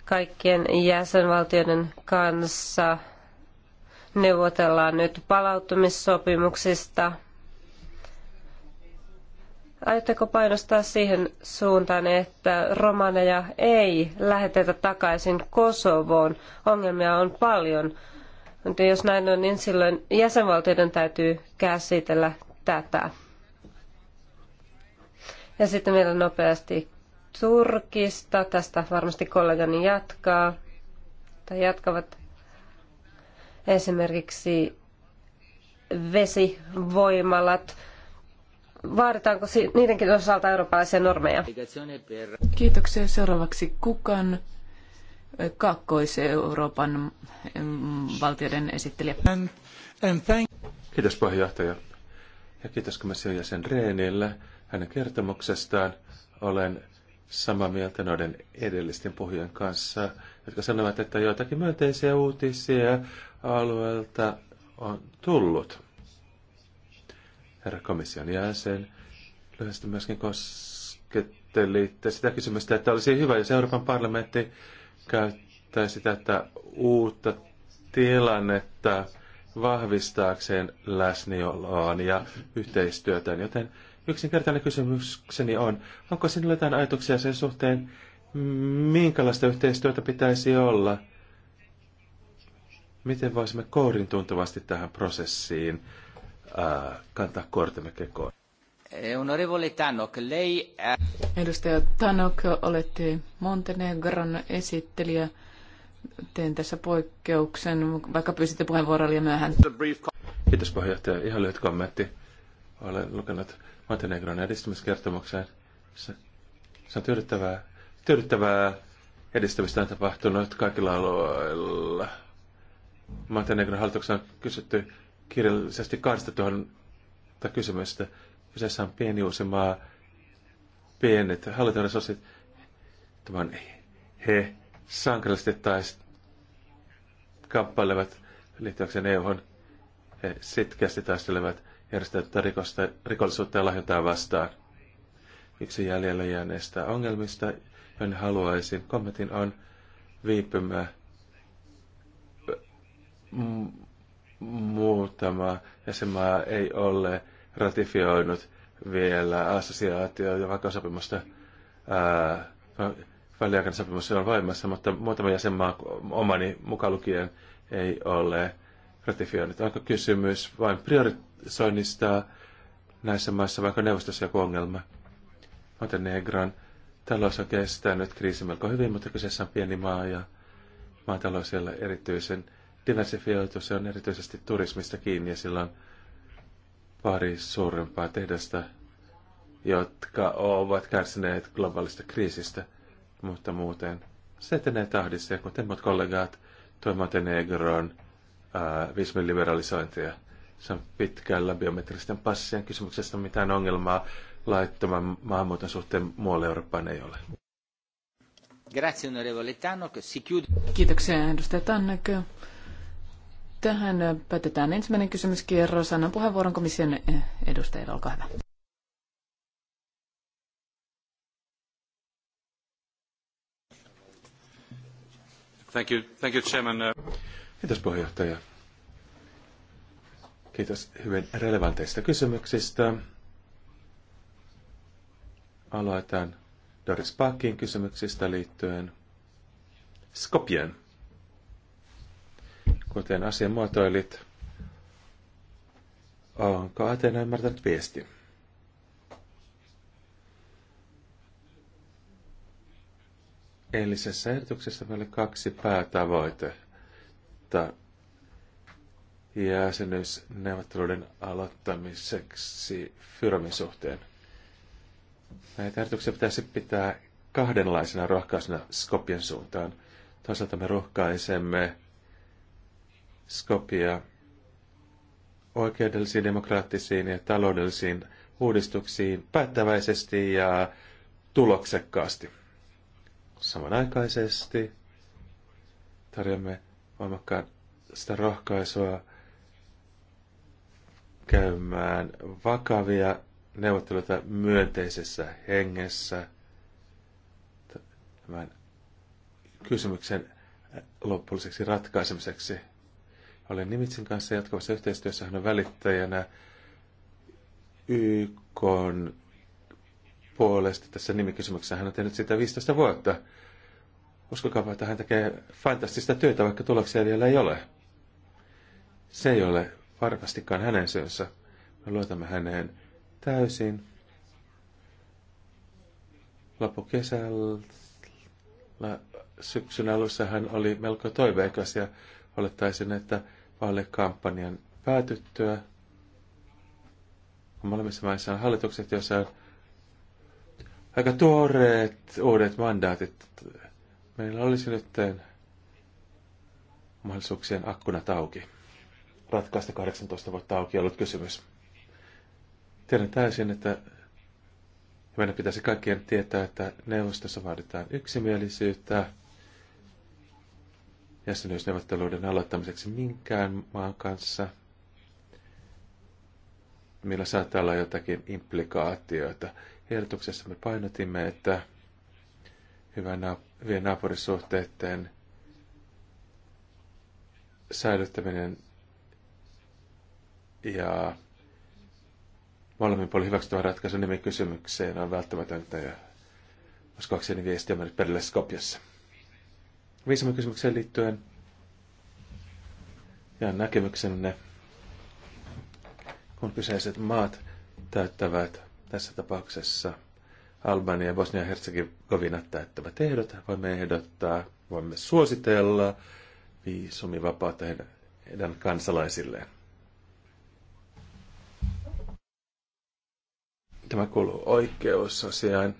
kaikkien jäsenvaltioiden kanssa neuvotellaan nyt palautumissopimuksista – Aiotteko painostaa siihen suuntaan, että romaneja ei lähetetä takaisin Kosovoon? Ongelmia on paljon. Mutta jos näin on, niin silloin jäsenvaltioiden täytyy käsitellä tätä. Ja sitten meillä nopeasti Turkista. Tästä varmasti kollegani jatkaa. Tai jatkavat esimerkiksi vesivoimalat vaaditaanko niidenkin osalta eurooppalaisia normeja? Kiitoksia. Seuraavaksi kukan Kaakkois-Euroopan valtioiden esittelijä. Kiitos puheenjohtaja. Ja kiitos komission jäsen Reenille hänen kertomuksestaan. Olen samaa mieltä noiden edellisten puhujien kanssa, jotka sanovat, että joitakin myönteisiä uutisia alueelta on tullut herra komission jäsen. Lyhyesti myöskin koskettelitte sitä kysymystä, että olisi hyvä, jos Euroopan parlamentti käyttäisi tätä uutta tilannetta vahvistaakseen läsnioloaan ja yhteistyötään. Joten yksinkertainen kysymykseni on, onko sinulla jotain ajatuksia sen suhteen, minkälaista yhteistyötä pitäisi olla? Miten voisimme kourin tuntuvasti tähän prosessiin kantaa kortemme kekoon. Eh, onorevole Tanok, lei... Edustaja Tanok, olette Montenegron esittelijä. Teen tässä poikkeuksen, vaikka pyysitte puheenvuoroa liian myöhään. Kiitos puheenjohtaja. Ihan lyhyt kommentti. Olen lukenut Montenegron edistymiskertomuksen. Se, se on tyydyttävää, tyydyttävää edistämistä on tapahtunut kaikilla alueilla. Montenegron hallituksen on kysytty kirjallisesti kahdesta tuhannesta kysymystä. Kyseessä on pieni uusi maa, pienet hallintoresurssit. Tämä he sankarallisesti tai kamppailevat liittyäkseen EU-hon. He sitkeästi taistelevat järjestäytyä rikosta, rikollisuutta ja lahjontaa vastaan. Yksi jäljellä jääneistä ongelmista, joihin haluaisin kommentin, on viipymä muutama jäsenmaa ei ole ratifioinut vielä assosiaatio- ja vakausopimusta Väliaikainen sopimus on voimassa, mutta muutama jäsenmaa omani mukaan lukien ei ole ratifioinut. Onko kysymys vain priorisoinnista näissä maissa, vaikka neuvostossa joku ongelma? Montenegron talous on kestänyt kriisi melko hyvin, mutta kyseessä on pieni maa ja maatalous siellä erityisen diversifioitu, se on erityisesti turismista kiinni ja sillä on pari suurempaa tehdasta, jotka ovat kärsineet globaalista kriisistä, mutta muuten se etenee tahdissa. Ja kuten muut kollegaat, tuo Montenegroon viismin liberalisointia. Se on pitkällä biometristen passien kysymyksestä mitään ongelmaa laittoman maahanmuuton suhteen muualle Eurooppaan ei ole. Grazie onorevole Si chiude. Kiitoksia edustaja Tannok. Tähän päätetään ensimmäinen kysymyskierros. Annan puheenvuoron komission edustajille. Olkaa hyvä. Thank you. Thank you, Chairman. Kiitos puheenjohtaja. Kiitos hyvin relevanteista kysymyksistä. Aloitan Doris Parkin kysymyksistä liittyen Skopien kuten asian muotoilit. Onko Atena ymmärtänyt viesti? Eilisessä ehdotuksessa meillä oli kaksi päätavoitetta jäsenyysneuvotteluiden aloittamiseksi Fyromin suhteen. Näitä ehdotuksia pitäisi pitää kahdenlaisena rohkaisena Skopien suuntaan. Toisaalta me rohkaisemme Skopia oikeudellisiin, demokraattisiin ja taloudellisiin uudistuksiin päättäväisesti ja tuloksekkaasti. Samanaikaisesti tarjoamme voimakkaasta rohkaisua käymään vakavia neuvotteluita myönteisessä hengessä tämän kysymyksen loppulliseksi ratkaisemiseksi. Olen Nimitsin kanssa jatkuvassa yhteistyössä. Hän on välittäjänä YK puolesta tässä nimikysymyksessä. Hän on tehnyt sitä 15 vuotta. Uskokaa, että hän tekee fantastista työtä, vaikka tuloksia vielä ei ole. Se ei ole varmastikaan hänen syönsä. Me luotamme häneen täysin. Loppukesällä syksyn alussa hän oli melko toiveikas ja olettaisin, että vaalikampanjan päätyttyä. Molemmissa maissa on hallitukset, joissa on aika tuoreet uudet mandaatit. Meillä olisi nyt mahdollisuuksien akkunat auki. Ratkaista 18 vuotta auki ollut kysymys. Tiedän täysin, että meidän pitäisi kaikkien tietää, että neuvostossa vaaditaan yksimielisyyttä jäsenyysneuvotteluiden aloittamiseksi minkään maan kanssa, millä saattaa olla jotakin implikaatioita. Ehdotuksessa me painotimme, että hyvien naapurisuhteiden säilyttäminen ja molemmin puolin hyväksyttävä ratkaisu nimikysymykseen on välttämätöntä ja uskoakseni viesti on mennyt perille Skopjassa viisumikysymykseen liittyen ja näkemyksenne, kun kyseiset maat täyttävät tässä tapauksessa Albania ja Bosnia-Herzegovina täyttävät ehdot. Voimme ehdottaa, voimme suositella viisumivapautta heidän, kansalaisilleen. Tämä kuuluu oikeusasiain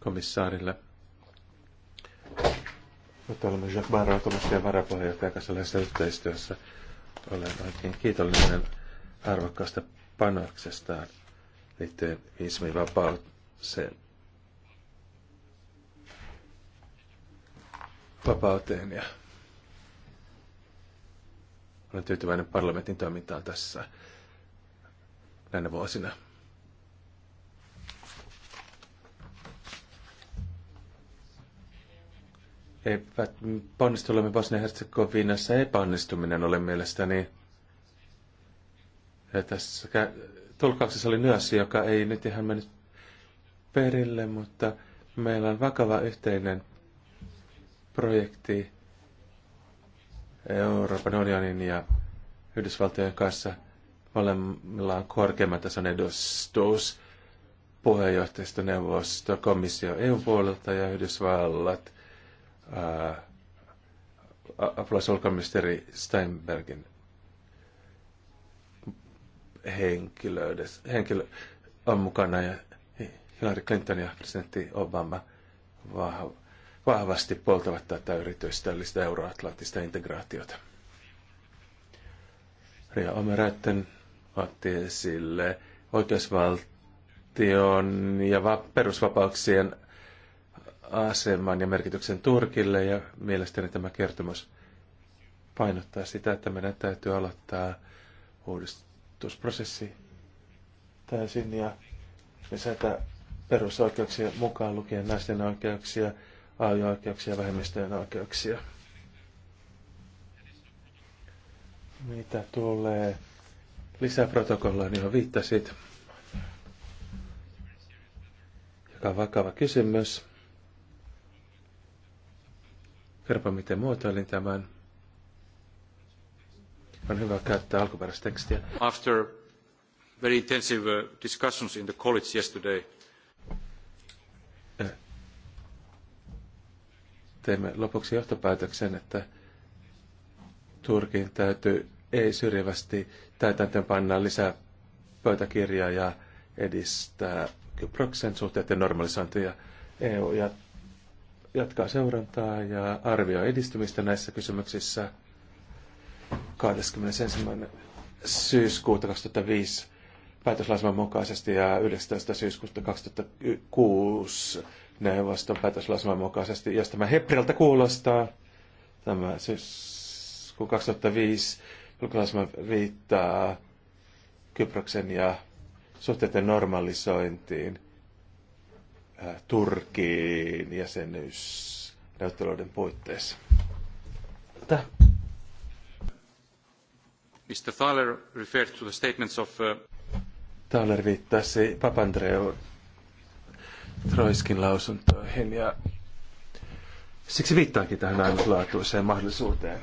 komissaarille. Nyt olemme Jacques Barron komission varapuheenjohtajan kanssa lähes yhteistyössä. Olen oikein kiitollinen arvokkaasta panoksestaan liittyen ismivapauteen. Vapauteen ja olen tyytyväinen parlamentin toimintaan tässä näinä vuosina. Eivät ponnistelumme Bosnia-Herzegovinassa epäonnistuminen ole mielestäni. Ja tässä tulkauksessa oli nyössi, joka ei nyt ihan mennyt perille, mutta meillä on vakava yhteinen projekti Euroopan unionin ja Yhdysvaltojen kanssa. Molemmilla on korkeamman tason edustus, puheenjohtajisto, neuvosto, komissio EU-puolelta ja Yhdysvallat – apulaisulkoministeri Steinbergin henkilö on mukana ja Hillary Clinton ja presidentti Obama vahvasti poltavat tätä yrityställistä euroatlanttista integraatiota. Ria Omeräytten otti esille oikeusvaltion ja perusvapauksien aseman ja merkityksen Turkille ja mielestäni tämä kertomus painottaa sitä, että meidän täytyy aloittaa uudistusprosessi täysin ja lisätä perusoikeuksia mukaan lukien naisten oikeuksia, AY-oikeuksia ja vähemmistöjen oikeuksia. Mitä tulee lisäprotokollaan, johon viittasit, joka on vakava kysymys. Kerropa, miten muotoilin tämän. On hyvä käyttää alkuperäistekstiä. After very intensive uh, discussions in the college yesterday, äh. teimme lopuksi johtopäätöksen, että Turkin täytyy ei syrjivästi täytäntöön panna lisää pöytäkirjaa ja edistää Kyproksen suhteiden normalisointia. EU ja jatkaa seurantaa ja arvioi edistymistä näissä kysymyksissä 21. syyskuuta 2005 päätöslauselman mukaisesti ja 19. syyskuuta 2006 neuvoston päätöslauselman mukaisesti. Jos tämä Hebriltä kuulostaa, tämä syyskuun 2005 julkilausuma viittaa Kyproksen ja suhteiden normalisointiin Äh, Turkiin jäsenyysneuvotteluiden puitteissa. Täh. Mr. Thaler referred to the statements of... Uh... Thaler viittasi Papandreou Troiskin lausuntoihin ja siksi viittaankin tähän ainutlaatuiseen mahdollisuuteen.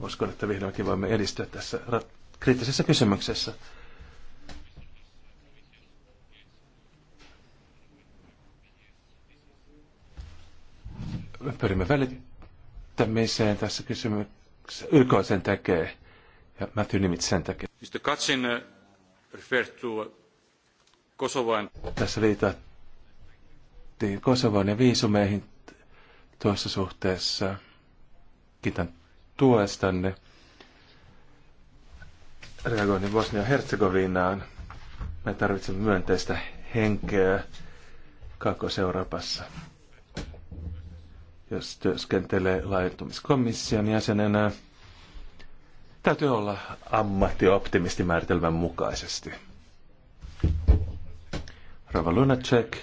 Uskon, että vihdoinkin voimme edistyä tässä kriittisessä kysymyksessä. pyrimme välittämiseen tässä kysymyksessä. YK sen tekee ja Matthew Nimit sen tekee. Mr. Katsin uh, referred to Kosovan. Tässä viitattiin Kosovan ja viisumeihin tuossa suhteessa. Kiitän tuestanne. Reagoinnin Bosnia-Herzegovinaan. Me tarvitsemme myönteistä henkeä Kaakkois-Euroopassa jos työskentelee laajentumiskomission jäsenenä. Täytyy olla ammattioptimistimääritelmän mukaisesti. Rava Lunacek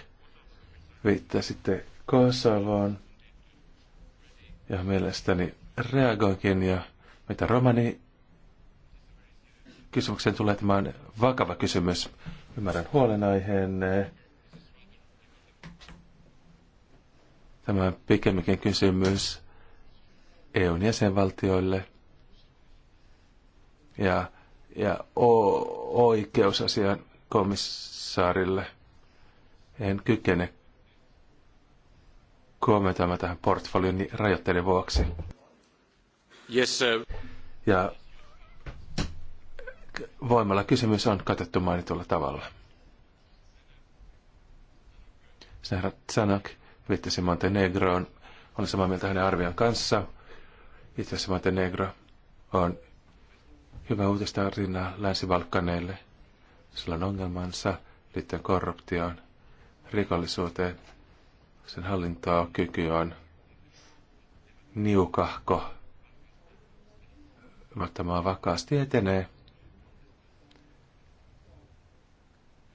sitten Kosovoon ja mielestäni reagoinkin ja mitä romani kysymykseen tulee, tämä on vakava kysymys. Ymmärrän huolenaiheenne Tämä on pikemminkin kysymys EUn jäsenvaltioille ja, ja o- oikeusasian komissaarille. En kykene kommentoimaan tähän portfolion niin rajoitteiden vuoksi. Yes, sir. Ja voimalla kysymys on katettu mainitulla tavalla. Sä herrat Sanak viittasi Montenegroon. Olen samaa mieltä hänen arvion kanssa. Itse asiassa Montenegro on hyvä uutistarina länsi Sillä on ongelmansa liittyen korruptioon, rikollisuuteen, sen hallintoa, kyky on niukahko, mutta maa vakaasti etenee.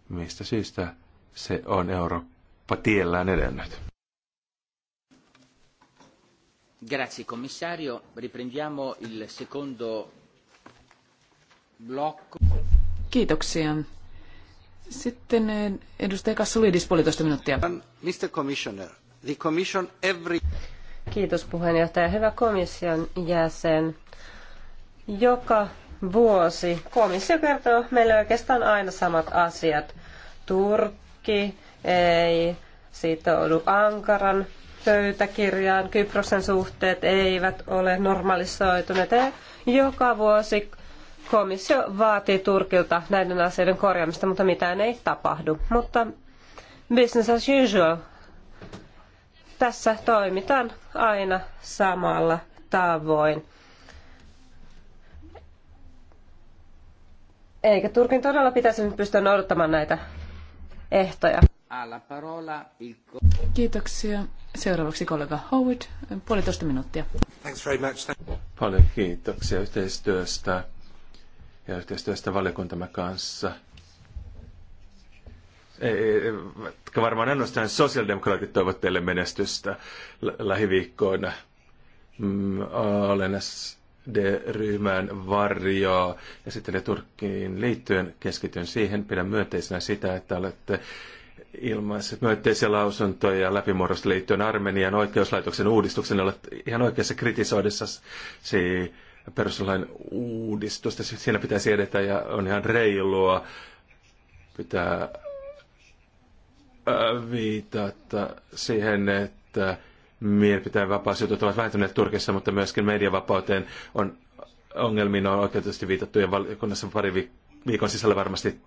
Mistä syystä se on Eurooppa tiellään edennyt? Grazie commissario. Riprendiamo il secondo blocco. Kiitoksia. Sitten eh, edustaja Kassulidis, puolitoista minuuttia. Mr. Commissioner, the commission every... Kiitos puheenjohtaja. Hyvä komission jäsen. Joka vuosi komissio kertoo meille oikeastaan aina samat asiat. Turkki ei sitoudu Ankaran pöytäkirjaan Kyproksen suhteet eivät ole normalisoituneet. Joka vuosi komissio vaatii Turkilta näiden asioiden korjaamista, mutta mitään ei tapahdu. Mutta business as usual. Tässä toimitaan aina samalla tavoin. Eikä Turkin todella pitäisi nyt pystyä noudattamaan näitä ehtoja. Kiitoksia. Seuraavaksi kollega Howard, puolitoista minuuttia. Thanks very much. Paljon kiitoksia yhteistyöstä ja yhteistyöstä valiokuntamme kanssa. Eikä varmaan ainoastaan sosiaalidemokraatit toivot teille menestystä lähiviikkoina. Mm, olen SD-ryhmän varjo ja sitten Turkkiin liittyen keskityn siihen. Pidän myönteisenä sitä, että olette ilmaiset myönteisiä lausuntoja läpimuodosta liittyen Armenian oikeuslaitoksen uudistuksen. Olet ihan oikeassa kritisoidessa perustuslain uudistusta. Siinä pitäisi edetä ja on ihan reilua. Pitää viitata siihen, että mielipiteen vapausjutut ovat vähentyneet Turkissa, mutta myöskin medianvapauteen on ongelmiin on oikeutusti viitattu ja valiokunnassa pari viikon sisällä varmasti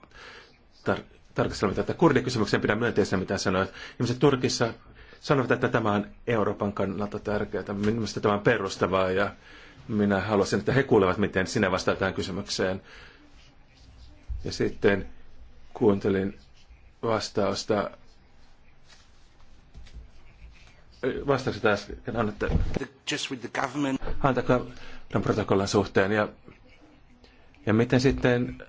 tar- tarkastella tätä kurdikysymykseen pidän myönteisenä, mitä sanoit. Ihmiset Turkissa sanovat, että tämä on Euroopan kannalta tärkeää. Minusta tämä on perustavaa ja minä haluaisin, että he kuulevat, miten sinä vastaat tähän kysymykseen. Ja sitten kuuntelin vastausta vastaukset äsken annatte. Just with the government. Antakaa tämän protokollan suhteen. Ja, ja miten sitten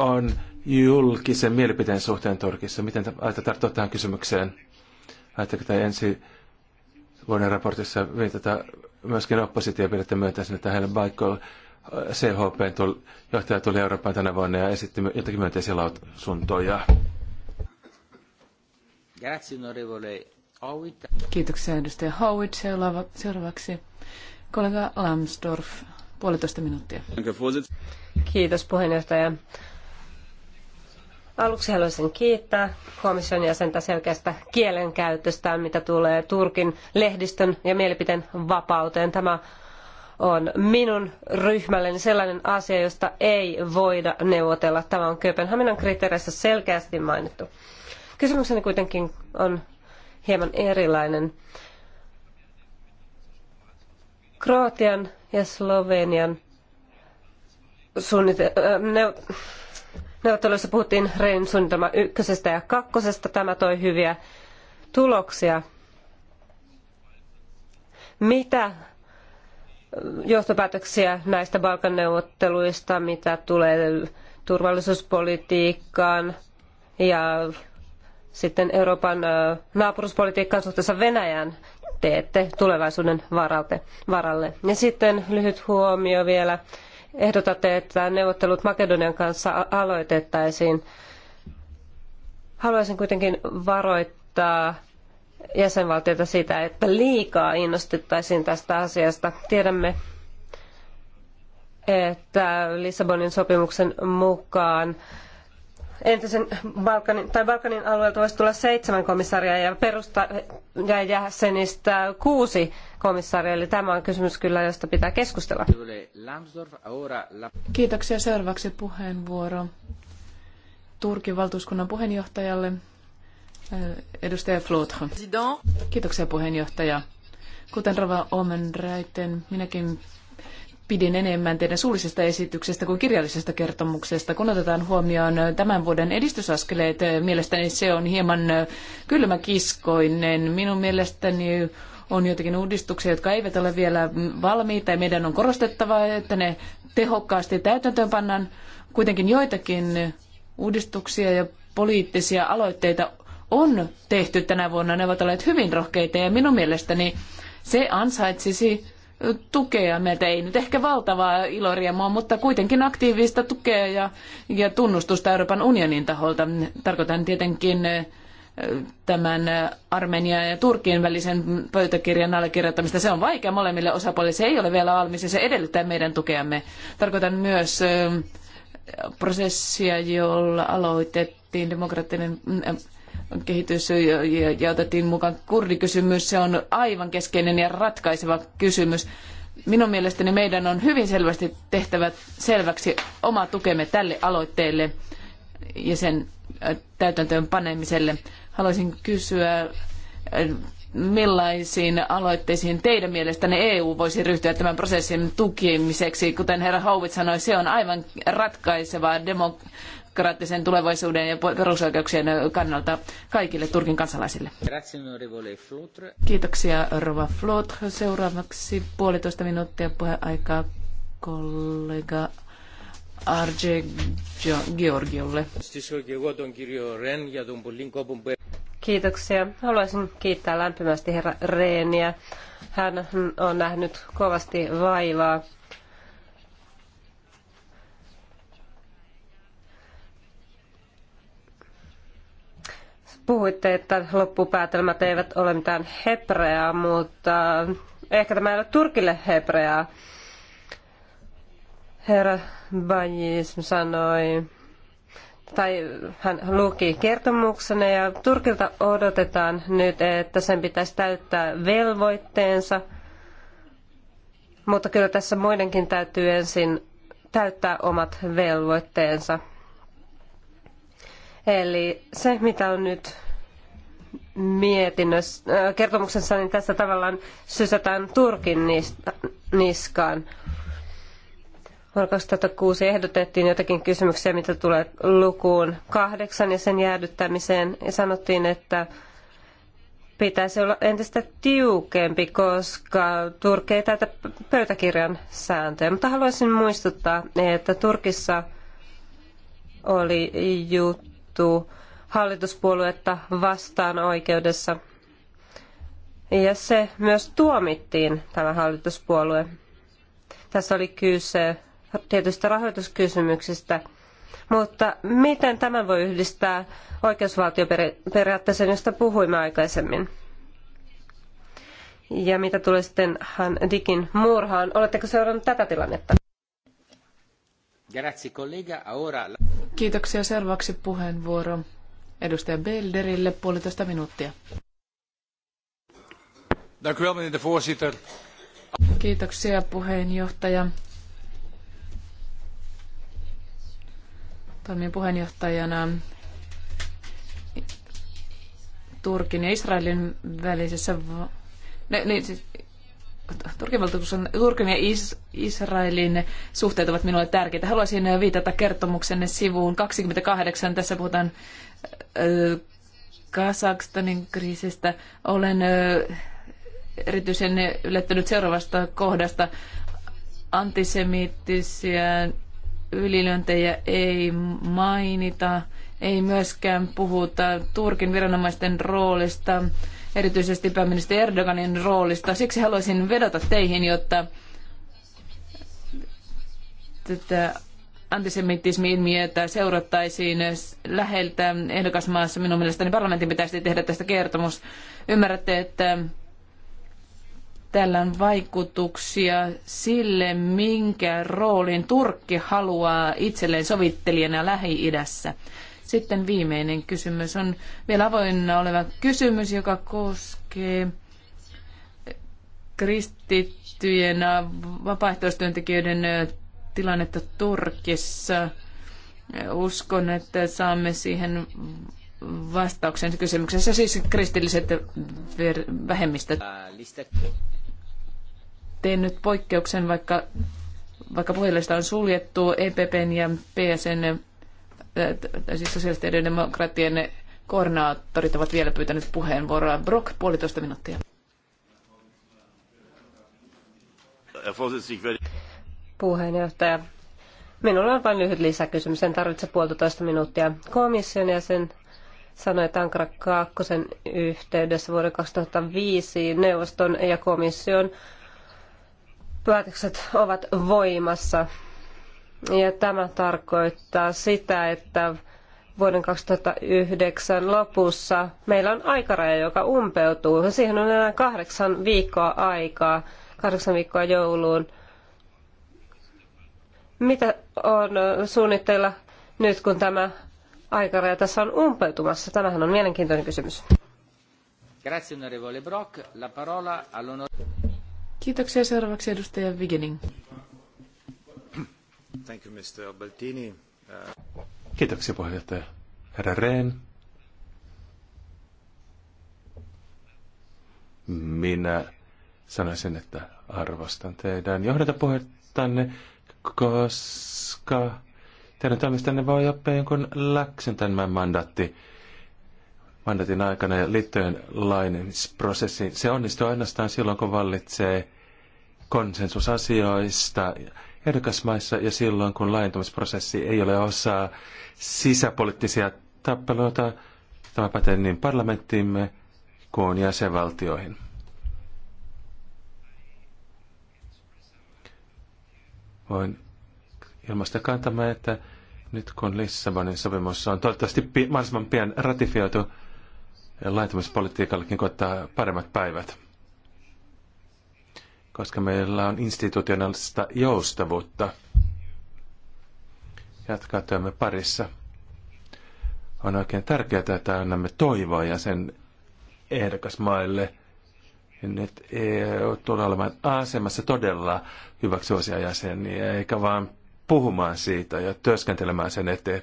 on julkisen mielipiteen suhteen Turkissa? Miten ajatte tarttua tähän kysymykseen? Ajatteko tämä ensi vuoden raportissa viitata myöskin oppositiopidettä myönteisenä, että heillä Baikko äh, CHP tuli, johtaja tuli Eurooppaan tänä vuonna ja esitti jotakin myönteisiä lausuntoja. Kiitoksia edustaja Howitt. Seuraava, seuraavaksi kollega Lambsdorff, puolitoista minuuttia. Kiitos puheenjohtaja. Aluksi haluaisin kiittää komission jäsentä selkeästä kielenkäytöstään, mitä tulee Turkin lehdistön ja mielipiteen vapauteen. Tämä on minun ryhmälleni sellainen asia, josta ei voida neuvotella. Tämä on Kööpenhaminan kriteereissä selkeästi mainittu. Kysymykseni kuitenkin on hieman erilainen. Kroatian ja Slovenian suunnite- äh, ne- Neuvotteluissa puhuttiin Rein suunnitelma ykkösestä ja kakkosesta. Tämä toi hyviä tuloksia. Mitä johtopäätöksiä näistä Balkan neuvotteluista, mitä tulee turvallisuuspolitiikkaan ja sitten Euroopan naapuruspolitiikkaan suhteessa Venäjään teette tulevaisuuden varalle. Ja sitten lyhyt huomio vielä ehdotatte, että neuvottelut Makedonian kanssa aloitettaisiin. Haluaisin kuitenkin varoittaa jäsenvaltioita siitä, että liikaa innostettaisiin tästä asiasta. Tiedämme, että Lissabonin sopimuksen mukaan entisen Balkanin, tai Balkanin alueelta voisi tulla seitsemän komissaria ja, perusta, ja jäsenistä kuusi komissaarille. Eli tämä on kysymys kyllä, josta pitää keskustella. Kiitoksia. Seuraavaksi puheenvuoro Turkin valtuuskunnan puheenjohtajalle, eh, edustaja Flutho. Kiitoksia puheenjohtaja. Kuten Rova Omen minäkin pidin enemmän teidän suullisesta esityksestä kuin kirjallisesta kertomuksesta. Kun otetaan huomioon tämän vuoden edistysaskeleet, eh, mielestäni se on hieman eh, kylmäkiskoinen. Minun mielestäni on joitakin uudistuksia, jotka eivät ole vielä valmiita ja meidän on korostettava, että ne tehokkaasti täytäntöön pannaan. Kuitenkin joitakin uudistuksia ja poliittisia aloitteita on tehty tänä vuonna. Ne ovat olleet hyvin rohkeita ja minun mielestäni se ansaitsisi tukea meiltä, ei nyt ehkä valtavaa iloriemua, mutta kuitenkin aktiivista tukea ja, ja tunnustusta Euroopan unionin taholta. Tarkoitan tietenkin tämän Armenian ja Turkin välisen pöytäkirjan allekirjoittamista. Se on vaikea molemmille osapuolille. Se ei ole vielä valmis ja se edellyttää meidän tukeamme. Tarkoitan myös prosessia, jolla aloitettiin demokraattinen kehitys ja otettiin mukaan kurdikysymys. Se on aivan keskeinen ja ratkaiseva kysymys minun mielestäni meidän on hyvin selvästi tehtävä selväksi oma tukemme tälle aloitteelle ja sen täytäntöön panemiselle. Haluaisin kysyä, millaisiin aloitteisiin teidän mielestänne EU voisi ryhtyä tämän prosessin tukimiseksi? Kuten herra Howitt sanoi, se on aivan ratkaisevaa demokraattisen tulevaisuuden ja perusoikeuksien kannalta kaikille Turkin kansalaisille. Kiitoksia, Rova Flotre. Seuraavaksi puolitoista minuuttia puheaikaa kollega Arge Georgiolle. Kiitoksia. Haluaisin kiittää lämpimästi herra Reeniä. Hän on nähnyt kovasti vaivaa puhuitte, että loppupäätelmät eivät ole mitään hebreaa, mutta ehkä tämä ei ole Turkille hebreaa. Herra Bajism sanoi, tai hän luki kertomuksena ja Turkilta odotetaan nyt, että sen pitäisi täyttää velvoitteensa, mutta kyllä tässä muidenkin täytyy ensin täyttää omat velvoitteensa. Eli se, mitä on nyt mietinnössä, äh, kertomuksessa, niin tässä tavallaan sysätään Turkin niskaan. Vuonna 2006 ehdotettiin jotakin kysymyksiä, mitä tulee lukuun kahdeksan ja sen jäädyttämiseen. Ja sanottiin, että pitäisi olla entistä tiukempi, koska Turkki ei täytä pöytäkirjan sääntöjä. Mutta haluaisin muistuttaa, että Turkissa oli juttu hallituspuoluetta vastaan oikeudessa. Ja se myös tuomittiin, tämä hallituspuolue. Tässä oli kyse tietystä rahoituskysymyksistä. Mutta miten tämän voi yhdistää oikeusvaltioperiaatteeseen, josta puhuimme aikaisemmin? Ja mitä tulee sitten Han Dikin murhaan? Oletteko seurannut tätä tilannetta? Kiitoksia. Seuraavaksi puheenvuoro edustaja Belderille puolitoista minuuttia. Kiitoksia puheenjohtaja. toimin puheenjohtajana Turkin ja Israelin välisessä... Ne, ne, niin, siis, Turkin, valtuuskunnan, Turkin ja Is- Israelin suhteet ovat minulle tärkeitä. Haluaisin viitata kertomuksenne sivuun 28. Tässä puhutaan Kasakstanin kriisistä. Olen erityisen yllättynyt seuraavasta kohdasta antisemiittisiä Ylilöntejä ei mainita, ei myöskään puhuta Turkin viranomaisten roolista, erityisesti pääministeri Erdoganin roolista. Siksi haluaisin vedota teihin, jotta tätä antisemitismi-ilmiötä seurattaisiin läheltä ehdokasmaassa. Minun mielestäni parlamentin pitäisi tehdä tästä kertomus. Ymmärrätte, että Tällä on vaikutuksia sille, minkä roolin Turkki haluaa itselleen sovittelijana Lähi-idässä. Sitten viimeinen kysymys on vielä avoinna oleva kysymys, joka koskee kristittyjen vapaaehtoistyöntekijöiden tilannetta Turkissa. Uskon, että saamme siihen vastauksen kysymyksessä, siis kristilliset vähemmistöt teen nyt poikkeuksen, vaikka, vaikka puhelista on suljettu EPPn ja PSN, äh, siis sosiaalisten ja demokraattien koordinaattorit ovat vielä pyytäneet puheenvuoroa. Brock, puolitoista minuuttia. Puheenjohtaja, minulla on vain lyhyt lisäkysymys. En tarvitse puolitoista minuuttia. Komission jäsen sanoi, että Ankara 2 yhteydessä vuoden 2005 neuvoston ja komission päätökset ovat voimassa. Ja tämä tarkoittaa sitä, että vuoden 2009 lopussa meillä on aikaraja, joka umpeutuu. Siihen on enää kahdeksan viikkoa aikaa, kahdeksan viikkoa jouluun. Mitä on suunnitteilla nyt, kun tämä aikaraja tässä on umpeutumassa? Tämähän on mielenkiintoinen kysymys. Grazie, onorevole Brock. La parola all'onorevole... Kiitoksia. Seuraavaksi edustaja Vigening. Thank you, Mr. Albertini. Kiitoksia puheenjohtaja. Herra Rehn. Minä sanoisin, että arvostan teidän johdantapuhettanne, koska teidän toimistanne voi oppia jonkun läksyn tämän mandaatti mandatin aikana ja liittojen lainemisprosessi. Se onnistuu ainoastaan silloin, kun vallitsee konsensus asioista ehdokasmaissa ja silloin, kun laajentumisprosessi ei ole osa sisäpoliittisia tappeluita. Tämä pätee niin parlamenttiimme kuin jäsenvaltioihin. Voin ilmaista kantamme, että nyt kun Lissabonin sopimus on toivottavasti pi- mahdollisimman pian ratifioitu, laitumispolitiikallekin koittaa paremmat päivät. Koska meillä on institutionaalista joustavuutta jatkaa työmme parissa. On oikein tärkeää, että annamme toivoa ja sen ehdokasmaille. Nyt EU tulee olemaan asemassa todella hyväksi osia jäseniä, eikä vaan puhumaan siitä ja työskentelemään sen eteen.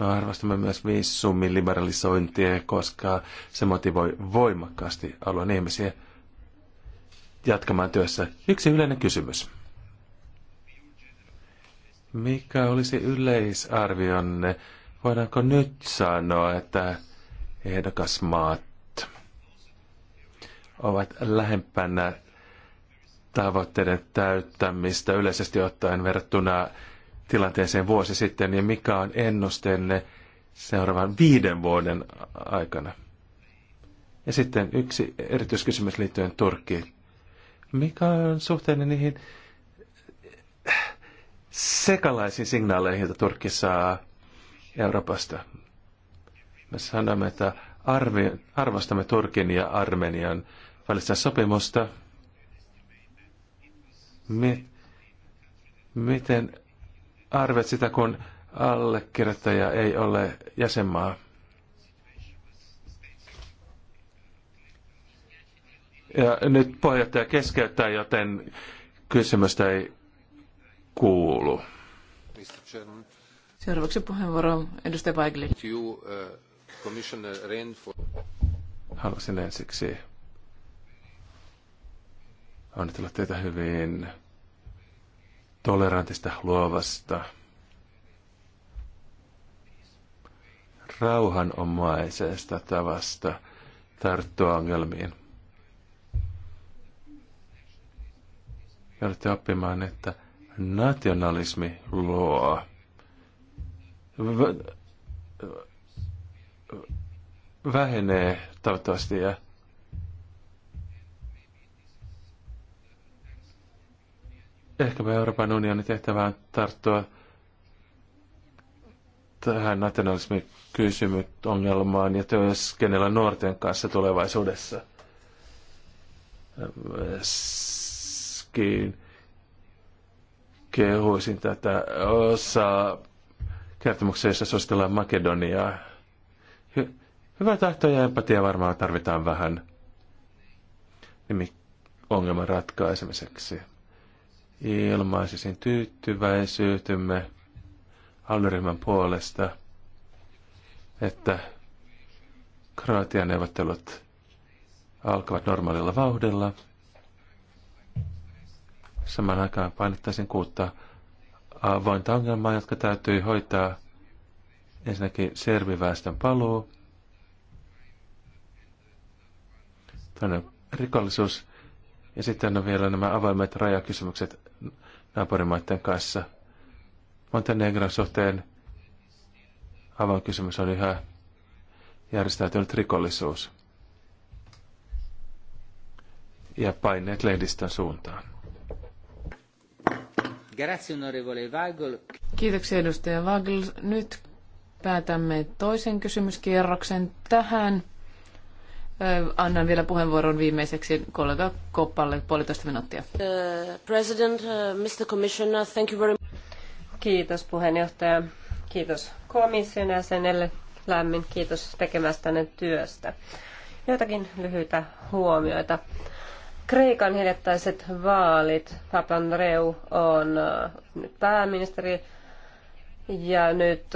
Me no, arvostamme myös viisumin liberalisointia, koska se motivoi voimakkaasti alueen ihmisiä jatkamaan työssä. Yksi yleinen kysymys. Mikä olisi yleisarvionne? Voidaanko nyt sanoa, että ehdokasmaat ovat lähempänä tavoitteiden täyttämistä yleisesti ottaen verrattuna tilanteeseen vuosi sitten niin mikä on ennusteenne seuraavan viiden vuoden aikana? Ja sitten yksi erityiskysymys liittyen Turkkiin. Mikä on suhteen niihin sekalaisiin signaaleihin, joita Turkki saa Euroopasta? Me sanomme, että arvi, arvostamme Turkin ja Armenian välistä sopimusta. Me, miten arvet sitä, kun allekirjoittaja ei ole jäsenmaa. Ja nyt puheenjohtaja keskeyttää, joten kysymystä ei kuulu. Seuraavaksi puheenvuoro edustaja Weigli. Haluaisin ensiksi onnitella teitä hyvin tolerantista, luovasta, rauhanomaisesta tavasta tarttua ongelmiin. Ja olette oppimaan, että nationalismi luo vähenee toivottavasti ja Ehkä me Euroopan unionin tehtävään tarttua tähän nationalismin kysymyt ongelmaan ja työskennellä nuorten kanssa tulevaisuudessa. Myöskin kehuisin tätä osaa kertomuksessa, jossa suositellaan Makedoniaa. Hy- hyvä tahto ja empatia varmaan tarvitaan vähän nimi ongelman ratkaisemiseksi ilmaisisin tyytyväisyytymme halliryhmän puolesta, että Kroatian neuvottelut alkavat normaalilla vauhdilla. Saman aikaan painettaisin kuutta avointa ongelmaa, jotka täytyy hoitaa ensinnäkin serviväestön paluu, toinen rikollisuus ja sitten on vielä nämä avaimet rajakysymykset naapurimaiden kanssa. Montenegron suhteen kysymys on yhä järjestäytynyt rikollisuus ja paineet lehdistön suuntaan. Kiitoksia edustaja Vagl. Nyt päätämme toisen kysymyskierroksen tähän. Annan vielä puheenvuoron viimeiseksi kollega Koppalle puolitoista minuuttia. Uh, President, uh, Mr. Commissioner, thank you very much. Kiitos puheenjohtaja. Kiitos komission jäsenelle. Lämmin kiitos tekemästänne työstä. Joitakin lyhyitä huomioita. Kreikan hiljattaiset vaalit. Papandreou on pääministeri ja nyt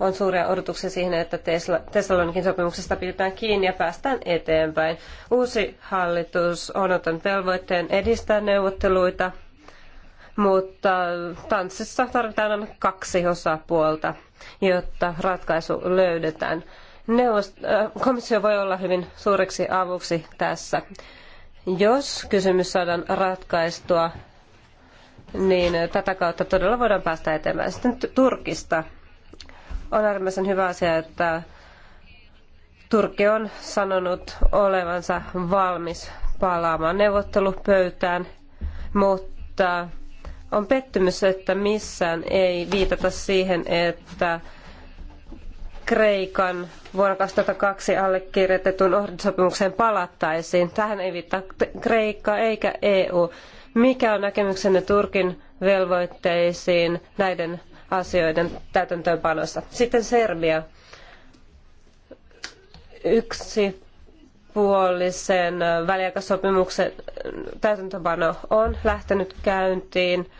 on suuria odotuksia siihen, että Tesla, Thessalonikin sopimuksesta pidetään kiinni ja päästään eteenpäin. Uusi hallitus on ottanut velvoitteen edistää neuvotteluita, mutta tanssissa tarvitaan aina kaksi osapuolta, jotta ratkaisu löydetään. Neuvost- komissio voi olla hyvin suureksi avuksi tässä. Jos kysymys saadaan ratkaistua niin tätä kautta todella voidaan päästä eteenpäin. Sitten Turkista. On äärimmäisen hyvä asia, että Turkki on sanonut olevansa valmis palaamaan neuvottelupöytään, mutta on pettymys, että missään ei viitata siihen, että Kreikan vuonna 2002 allekirjoitetun ohjelmasopimukseen palattaisiin. Tähän ei viittaa Kreikka eikä EU. Mikä on näkemyksenne Turkin velvoitteisiin näiden asioiden täytäntöönpanossa? Sitten Serbia. Yksi puolisen väliaikasopimuksen täytäntöpano on lähtenyt käyntiin.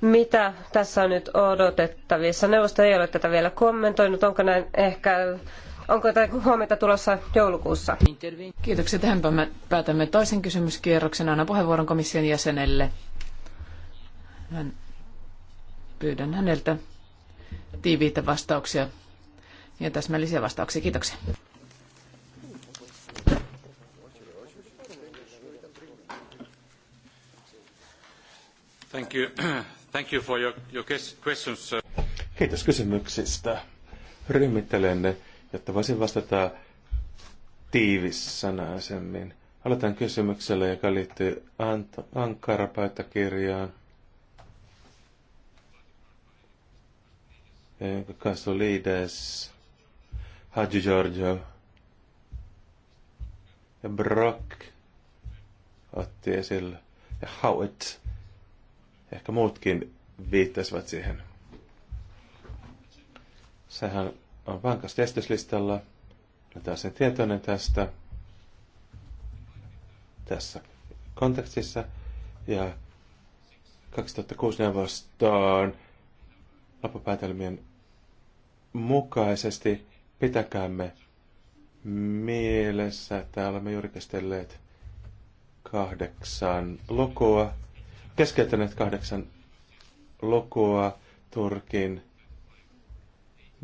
Mitä tässä on nyt odotettavissa? Neuvosto ei ole tätä vielä kommentoinut. Onko näin ehkä Onko jotain huomiota tulossa joulukuussa? Kiitoksia. Tähän päätämme toisen kysymyskierroksen. Anna puheenvuoron komission jäsenelle. Hän, pyydän häneltä tiiviitä vastauksia ja täsmällisiä vastauksia. Kiitoksia. Thank you. Thank you for your, your questions. Kiitos kysymyksistä. Ryhmittelen ne jotta voisin vastata tiivissanaisemmin. Aloitan kysymyksellä, joka liittyy Ant- Ankara-paitakirjaan, Haji Giorgio ja Brock otti esille ja Howitt. Ehkä muutkin viittasivat siihen. Sehän on vankasti esityslistalla. Olen sen tietoinen tästä tässä kontekstissa. Ja 2006 neuvostoon loppupäätelmien mukaisesti pitäkäämme mielessä, että olemme juuri kestelleet kahdeksan lukua, keskeyttäneet kahdeksan lukua Turkin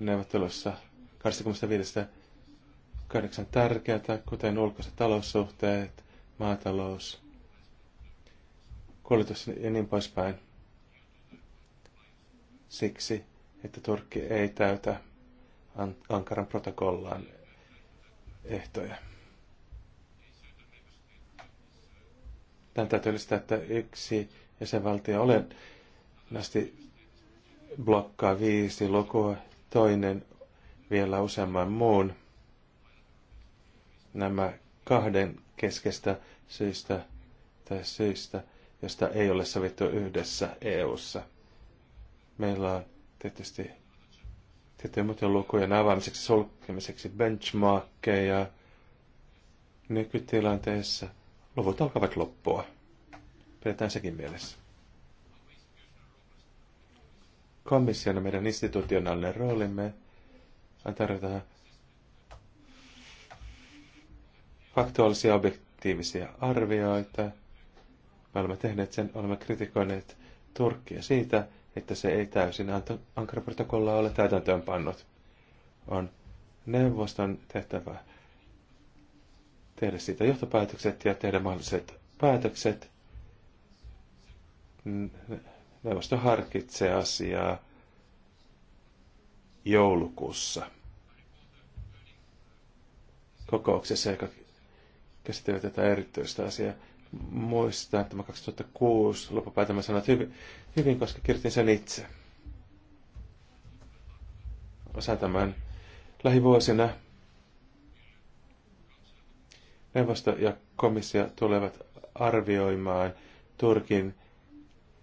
neuvottelussa 25.8. kahdeksan tärkeää, kuten ulkoiset taloussuhteet, maatalous, kuljetus ja niin poispäin. Siksi, että Turkki ei täytä Ankaran protokollaan ehtoja. Tämän täytyy lisätä, että yksi jäsenvaltio olennasti blokkaa viisi lukua toinen vielä useamman muun. Nämä kahden keskeistä syistä tai syistä, josta ei ole sovittu yhdessä EU:ssa. Meillä on tietysti tiettyjen muiden lukujen avaamiseksi, sulkemiseksi benchmarkkeja. Nykytilanteessa luvut alkavat loppua. Pidetään sekin mielessä komissiona meidän institutionaalinen roolimme on tarjota faktuaalisia objektiivisia arvioita. Me olemme tehneet sen, olemme kritikoineet Turkkia siitä, että se ei täysin Ankara-protokollaa ole täytäntöönpannut. On neuvoston tehtävä tehdä siitä johtopäätökset ja tehdä mahdolliset päätökset neuvosto harkitsee asiaa joulukuussa kokouksessa, joka käsittelee tätä erityistä asiaa. Muistan tämä 2006 sanoin, että hyvin, hyvin, koska kirjoitin sen itse. Osaan tämän lähivuosina neuvosto ja komissio tulevat arvioimaan Turkin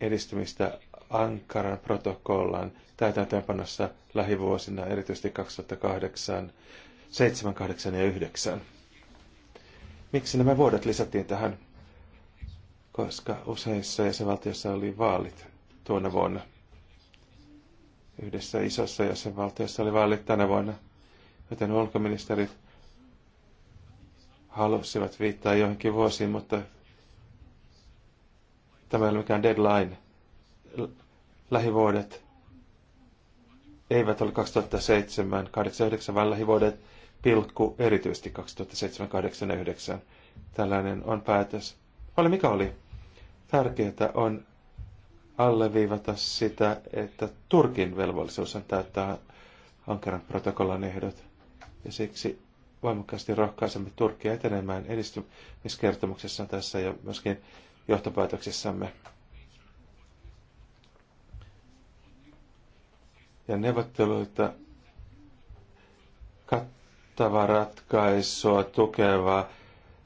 edistymistä Ankaran protokollan täytäntöönpanossa lähivuosina, erityisesti 2008, 7, 8 ja 9. Miksi nämä vuodet lisättiin tähän? Koska useissa jäsenvaltioissa oli vaalit tuona vuonna. Yhdessä isossa jäsenvaltiossa oli vaalit tänä vuonna, joten ulkoministerit halusivat viittaa johonkin vuosiin, mutta Tämä ei ole mikään deadline. Lähivuodet eivät ole 2007, 89, vaan lähivuodet pilkku erityisesti 2007, 89. Tällainen on päätös. Oli mikä oli. Tärkeää on alleviivata sitä, että Turkin velvollisuus on täyttää Ankaran protokollan ehdot. Ja siksi voimakkaasti rohkaisemme Turkia etenemään edistymiskertomuksessa tässä ja myöskin johtopäätöksissämme. Ja neuvotteluita kattava ratkaisua tukeva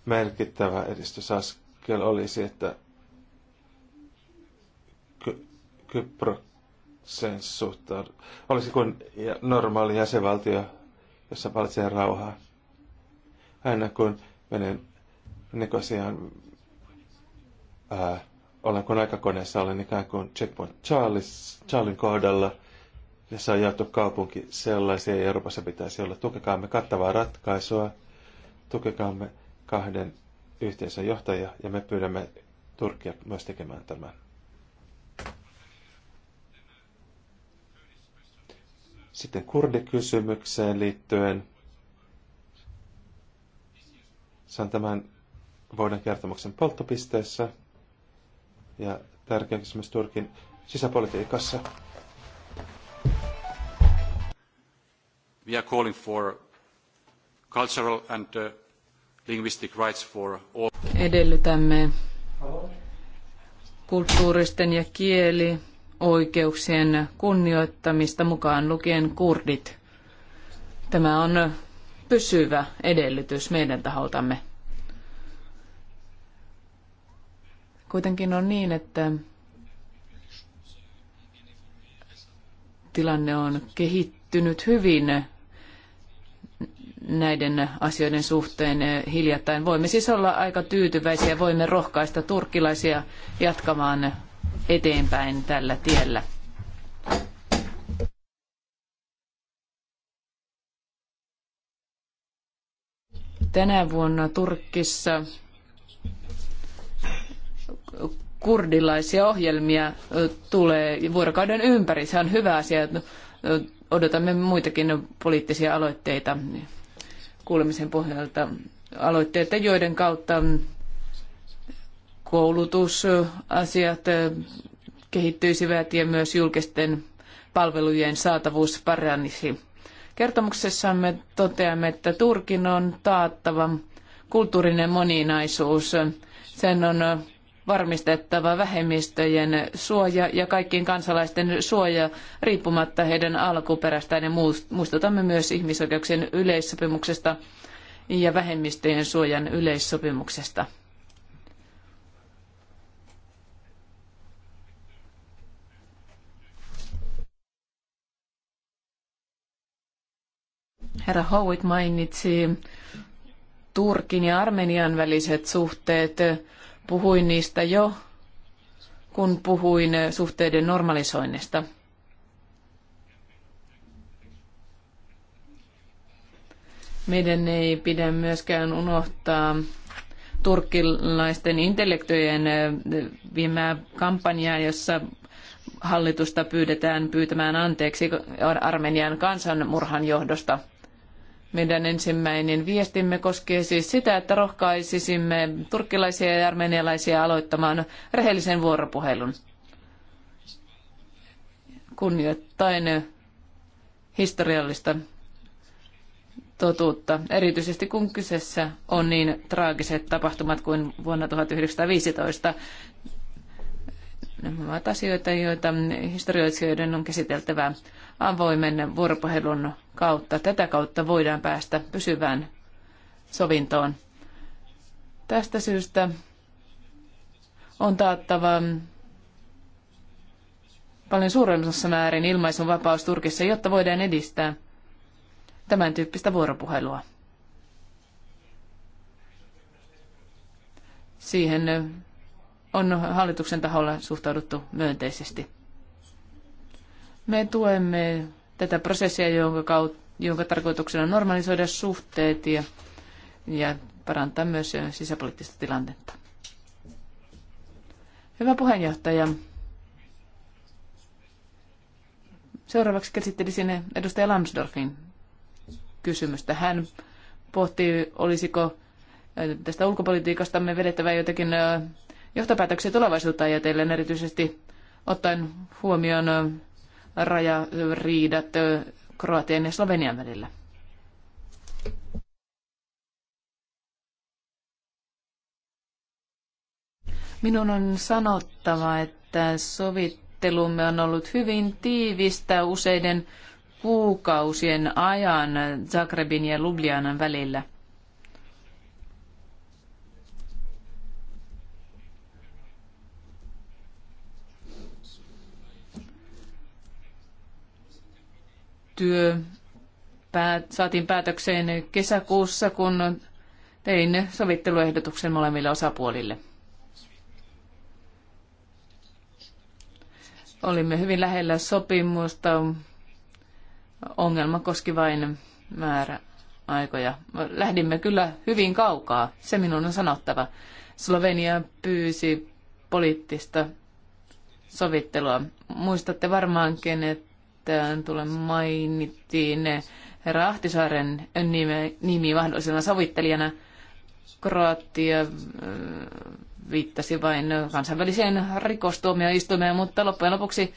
merkittävä edistysaskel olisi, että Kyproksen suhtaan olisi kuin normaali jäsenvaltio, jossa valitsee rauhaa. Aina kun menen Nikosiaan ää, äh, olen kun aikakoneessa olen ikään kuin Checkpoint Charles, Charlin kohdalla, jossa on jaettu kaupunki sellaisia ja Euroopassa pitäisi olla. Tukekaamme kattavaa ratkaisua, tukekaamme kahden yhteisön johtajia ja me pyydämme Turkia myös tekemään tämän. Sitten kurdikysymykseen liittyen. Saan tämän vuoden kertomuksen polttopisteessä – ja tärkeäksi myös Turkin sisäpolitiikassa. We are calling for cultural and uh, linguistic rights for all. Edellytämme kulttuuristen ja kieli oikeuksien kunnioittamista mukaan lukien kurdit. Tämä on pysyvä edellytys meidän taholtamme. Kuitenkin on niin, että tilanne on kehittynyt hyvin näiden asioiden suhteen hiljattain. Voimme siis olla aika tyytyväisiä, voimme rohkaista turkkilaisia jatkamaan eteenpäin tällä tiellä. Tänä vuonna Turkissa kurdilaisia ohjelmia tulee vuorokauden ympäri. Se on hyvä asia. Odotamme muitakin poliittisia aloitteita kuulemisen pohjalta. Aloitteita, joiden kautta koulutusasiat kehittyisivät ja myös julkisten palvelujen saatavuus paranisi. Kertomuksessamme toteamme, että Turkin on taattava kulttuurinen moninaisuus. Sen on varmistettava vähemmistöjen suoja ja kaikkien kansalaisten suoja riippumatta heidän alkuperästään. Ja muistutamme myös ihmisoikeuksien yleissopimuksesta ja vähemmistöjen suojan yleissopimuksesta. Herra Howitt mainitsi Turkin ja Armenian väliset suhteet. Puhuin niistä jo, kun puhuin suhteiden normalisoinnista. Meidän ei pidä myöskään unohtaa turkkilaisten intellektojen viemää kampanjaa, jossa hallitusta pyydetään pyytämään anteeksi Armenian kansanmurhan johdosta. Meidän ensimmäinen viestimme koskee siis sitä, että rohkaisisimme turkkilaisia ja armenialaisia aloittamaan rehellisen vuoropuhelun kunnioittain historiallista totuutta, erityisesti kun kyseessä on niin traagiset tapahtumat kuin vuonna 1915. Nämä ovat asioita, joita historioitsijoiden on käsiteltävä avoimen vuoropuhelun kautta. Tätä kautta voidaan päästä pysyvään sovintoon. Tästä syystä on taattava paljon suuremmassa määrin ilmaisunvapaus Turkissa, jotta voidaan edistää tämän tyyppistä vuoropuhelua. Siihen on hallituksen taholla suhtauduttu myönteisesti. Me tuemme tätä prosessia, jonka, kaut, jonka tarkoituksena on normalisoida suhteet ja, ja parantaa myös sisäpoliittista tilannetta. Hyvä puheenjohtaja. Seuraavaksi käsittelisin edustaja Lansdorfin kysymystä. Hän pohti, olisiko tästä ulkopolitiikastamme vedettävä jotenkin johtopäätöksiä tulevaisuutta ajatellen, erityisesti ottaen huomioon rajariidat Kroatian ja Slovenian välillä? Minun on sanottava, että sovittelumme on ollut hyvin tiivistä useiden kuukausien ajan Zagrebin ja Ljubljanan välillä – työ päät, saatiin päätökseen kesäkuussa, kun tein sovitteluehdotuksen molemmille osapuolille. Olimme hyvin lähellä sopimusta. Ongelma koski vain määrä aikoja. Lähdimme kyllä hyvin kaukaa, se minun on sanottava. Slovenia pyysi poliittista sovittelua. Muistatte varmaankin, että sitten tulee mainittiin herra Ahtisaaren nime, nimi mahdollisena sovittelijana. Kroatia äh, viittasi vain kansainväliseen rikostuomioistuimeen, mutta loppujen lopuksi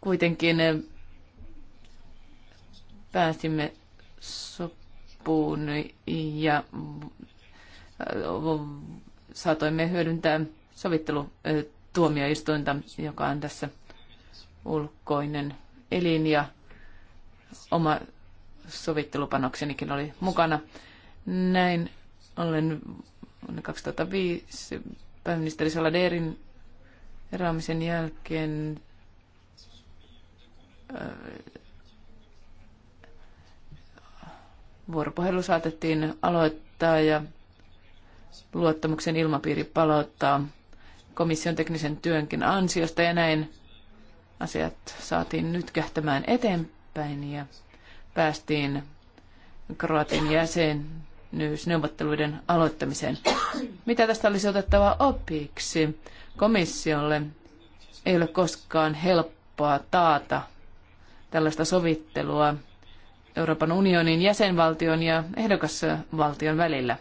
kuitenkin äh, pääsimme sopuun ja äh, saatoimme hyödyntää sovittelutuomioistuinta, joka on tässä ulkoinen elin ja oma sovittelupanoksenikin oli mukana. Näin ollen vuonna 2005 pääministeri Saladerin eroamisen jälkeen äh, vuoropuhelu saatettiin aloittaa ja luottamuksen ilmapiiri palauttaa komission teknisen työnkin ansiosta ja näin asiat saatiin nyt kähtämään eteenpäin ja päästiin Kroatin jäsenyysneuvotteluiden aloittamiseen. Mitä tästä olisi otettava opiksi? Komissiolle ei ole koskaan helppoa taata tällaista sovittelua Euroopan unionin jäsenvaltion ja ehdokasvaltion välillä.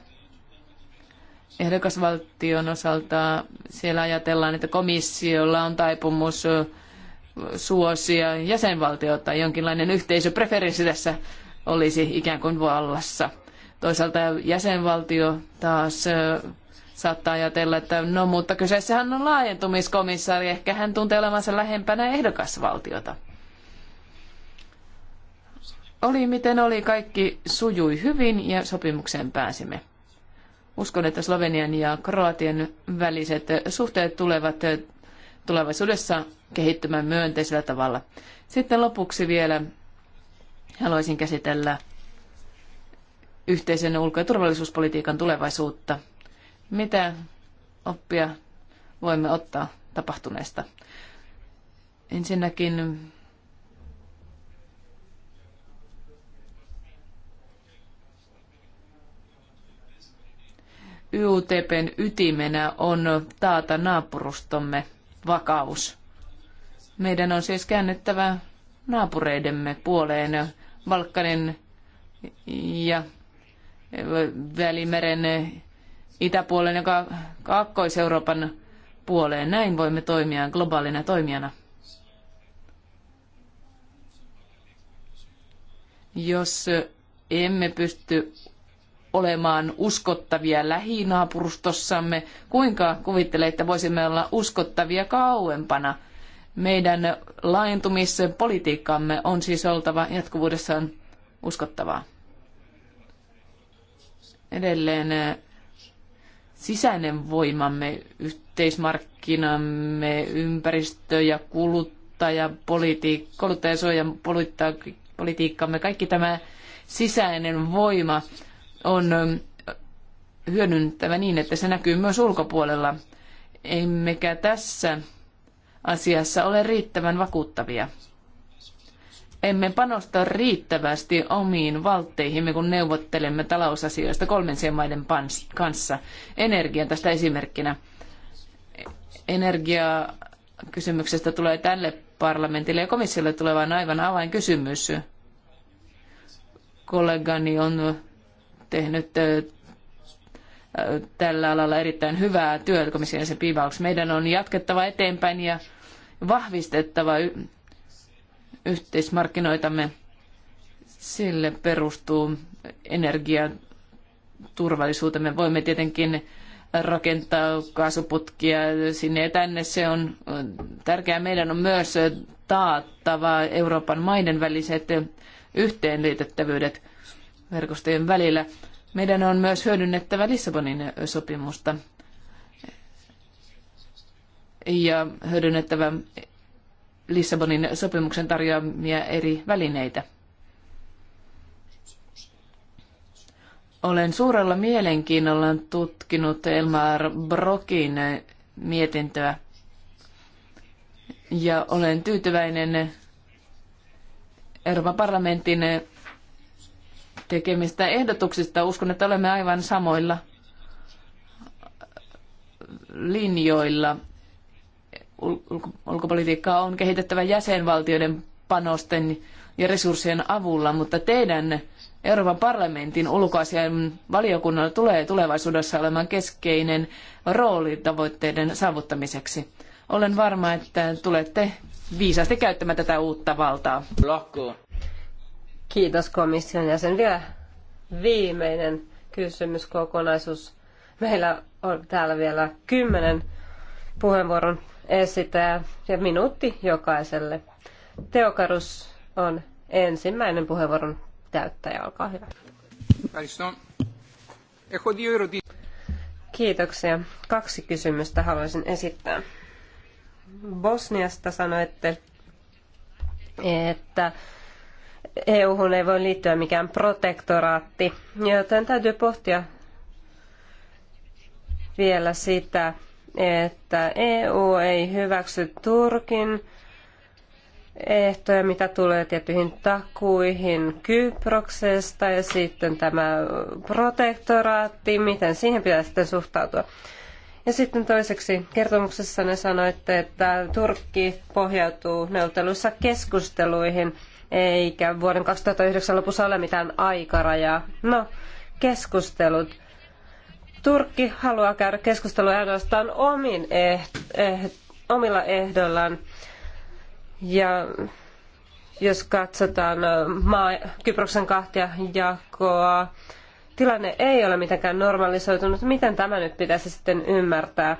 Ehdokasvaltion osalta siellä ajatellaan, että komissiolla on taipumus suosia jäsenvaltiota, jonkinlainen yhteisöpreferenssi tässä olisi ikään kuin vallassa. Toisaalta jäsenvaltio taas saattaa ajatella, että no mutta kyseessähän on laajentumiskomissaari, ehkä hän tuntee olevansa lähempänä ehdokasvaltiota. Oli miten oli, kaikki sujui hyvin ja sopimukseen pääsimme. Uskon, että Slovenian ja Kroatian väliset suhteet tulevat tulevaisuudessa kehittymään myönteisellä tavalla. Sitten lopuksi vielä haluaisin käsitellä yhteisen ulko- ja turvallisuuspolitiikan tulevaisuutta. Mitä oppia voimme ottaa tapahtuneesta? Ensinnäkin YUTPn ytimenä on taata naapurustomme vakaus. Meidän on siis käännettävä naapureidemme puoleen Valkkanen ja Välimeren itäpuolen ja Kaakkois-Euroopan puoleen. Näin voimme toimia globaalina toimijana. Jos emme pysty olemaan uskottavia lähinaapurustossamme, kuinka kuvittelee, että voisimme olla uskottavia kauempana – meidän laajentumispolitiikkamme on siis oltava jatkuvuudessaan uskottavaa. Edelleen eh, sisäinen voimamme, yhteismarkkinamme, ympäristö- ja kuluttajapolitiikka, kuluttajasuojan politiikkamme, kaikki tämä sisäinen voima on eh, hyödyntävä niin, että se näkyy myös ulkopuolella. Emmekä tässä asiassa ole riittävän vakuuttavia. Emme panosta riittävästi omiin valtteihimme, kun neuvottelemme talousasioista kolmansien maiden kanssa. Energia tästä esimerkkinä. Energia kysymyksestä tulee tälle parlamentille ja komissiolle tulevan aivan avainkysymys. Kollegani on tehnyt tällä alalla erittäin hyvää työtä komission jäsen Piivaus. Meidän on jatkettava eteenpäin ja vahvistettava yhteismarkkinoitamme. Sille perustuu energiaturvallisuutemme. Voimme tietenkin rakentaa kaasuputkia sinne ja tänne. Se on tärkeää. Meidän on myös taattava Euroopan maiden väliset yhteenliitettävyydet verkostojen välillä. Meidän on myös hyödynnettävä Lissabonin sopimusta ja hyödynnettävä Lissabonin sopimuksen tarjoamia eri välineitä. Olen suurella mielenkiinnolla tutkinut Elmar Brokin mietintöä ja olen tyytyväinen Euroopan parlamentin tekemistä ehdotuksista. Uskon, että olemme aivan samoilla linjoilla ulkopolitiikkaa on kehitettävä jäsenvaltioiden panosten ja resurssien avulla, mutta teidän Euroopan parlamentin ulkoasian valiokunnalla tulee tulevaisuudessa olemaan keskeinen rooli tavoitteiden saavuttamiseksi. Olen varma, että tulette viisaasti käyttämään tätä uutta valtaa. Kiitos komission jäsen. Vielä viimeinen kysymyskokonaisuus. Meillä on täällä vielä kymmenen puheenvuoron esitää ja minuutti jokaiselle. Teokarus on ensimmäinen puheenvuoron täyttäjä, olkaa hyvä. Kiitoksia. Kaksi kysymystä haluaisin esittää. Bosniasta sanoitte, että EU-hun ei voi liittyä mikään protektoraatti, joten täytyy pohtia vielä sitä, että EU ei hyväksy Turkin ehtoja, mitä tulee tiettyihin takuihin Kyproksesta ja sitten tämä protektoraatti, miten siihen pitää sitten suhtautua. Ja sitten toiseksi kertomuksessa ne sanoitte, että Turkki pohjautuu neuvotteluissa keskusteluihin, eikä vuoden 2009 lopussa ole mitään aikarajaa. No, keskustelut. Turkki haluaa käydä keskustelua ainoastaan omin eh- eh- omilla ehdoillaan. Ja jos katsotaan maa, Kyproksen kahtia jakoa, tilanne ei ole mitenkään normalisoitunut. Miten tämä nyt pitäisi sitten ymmärtää?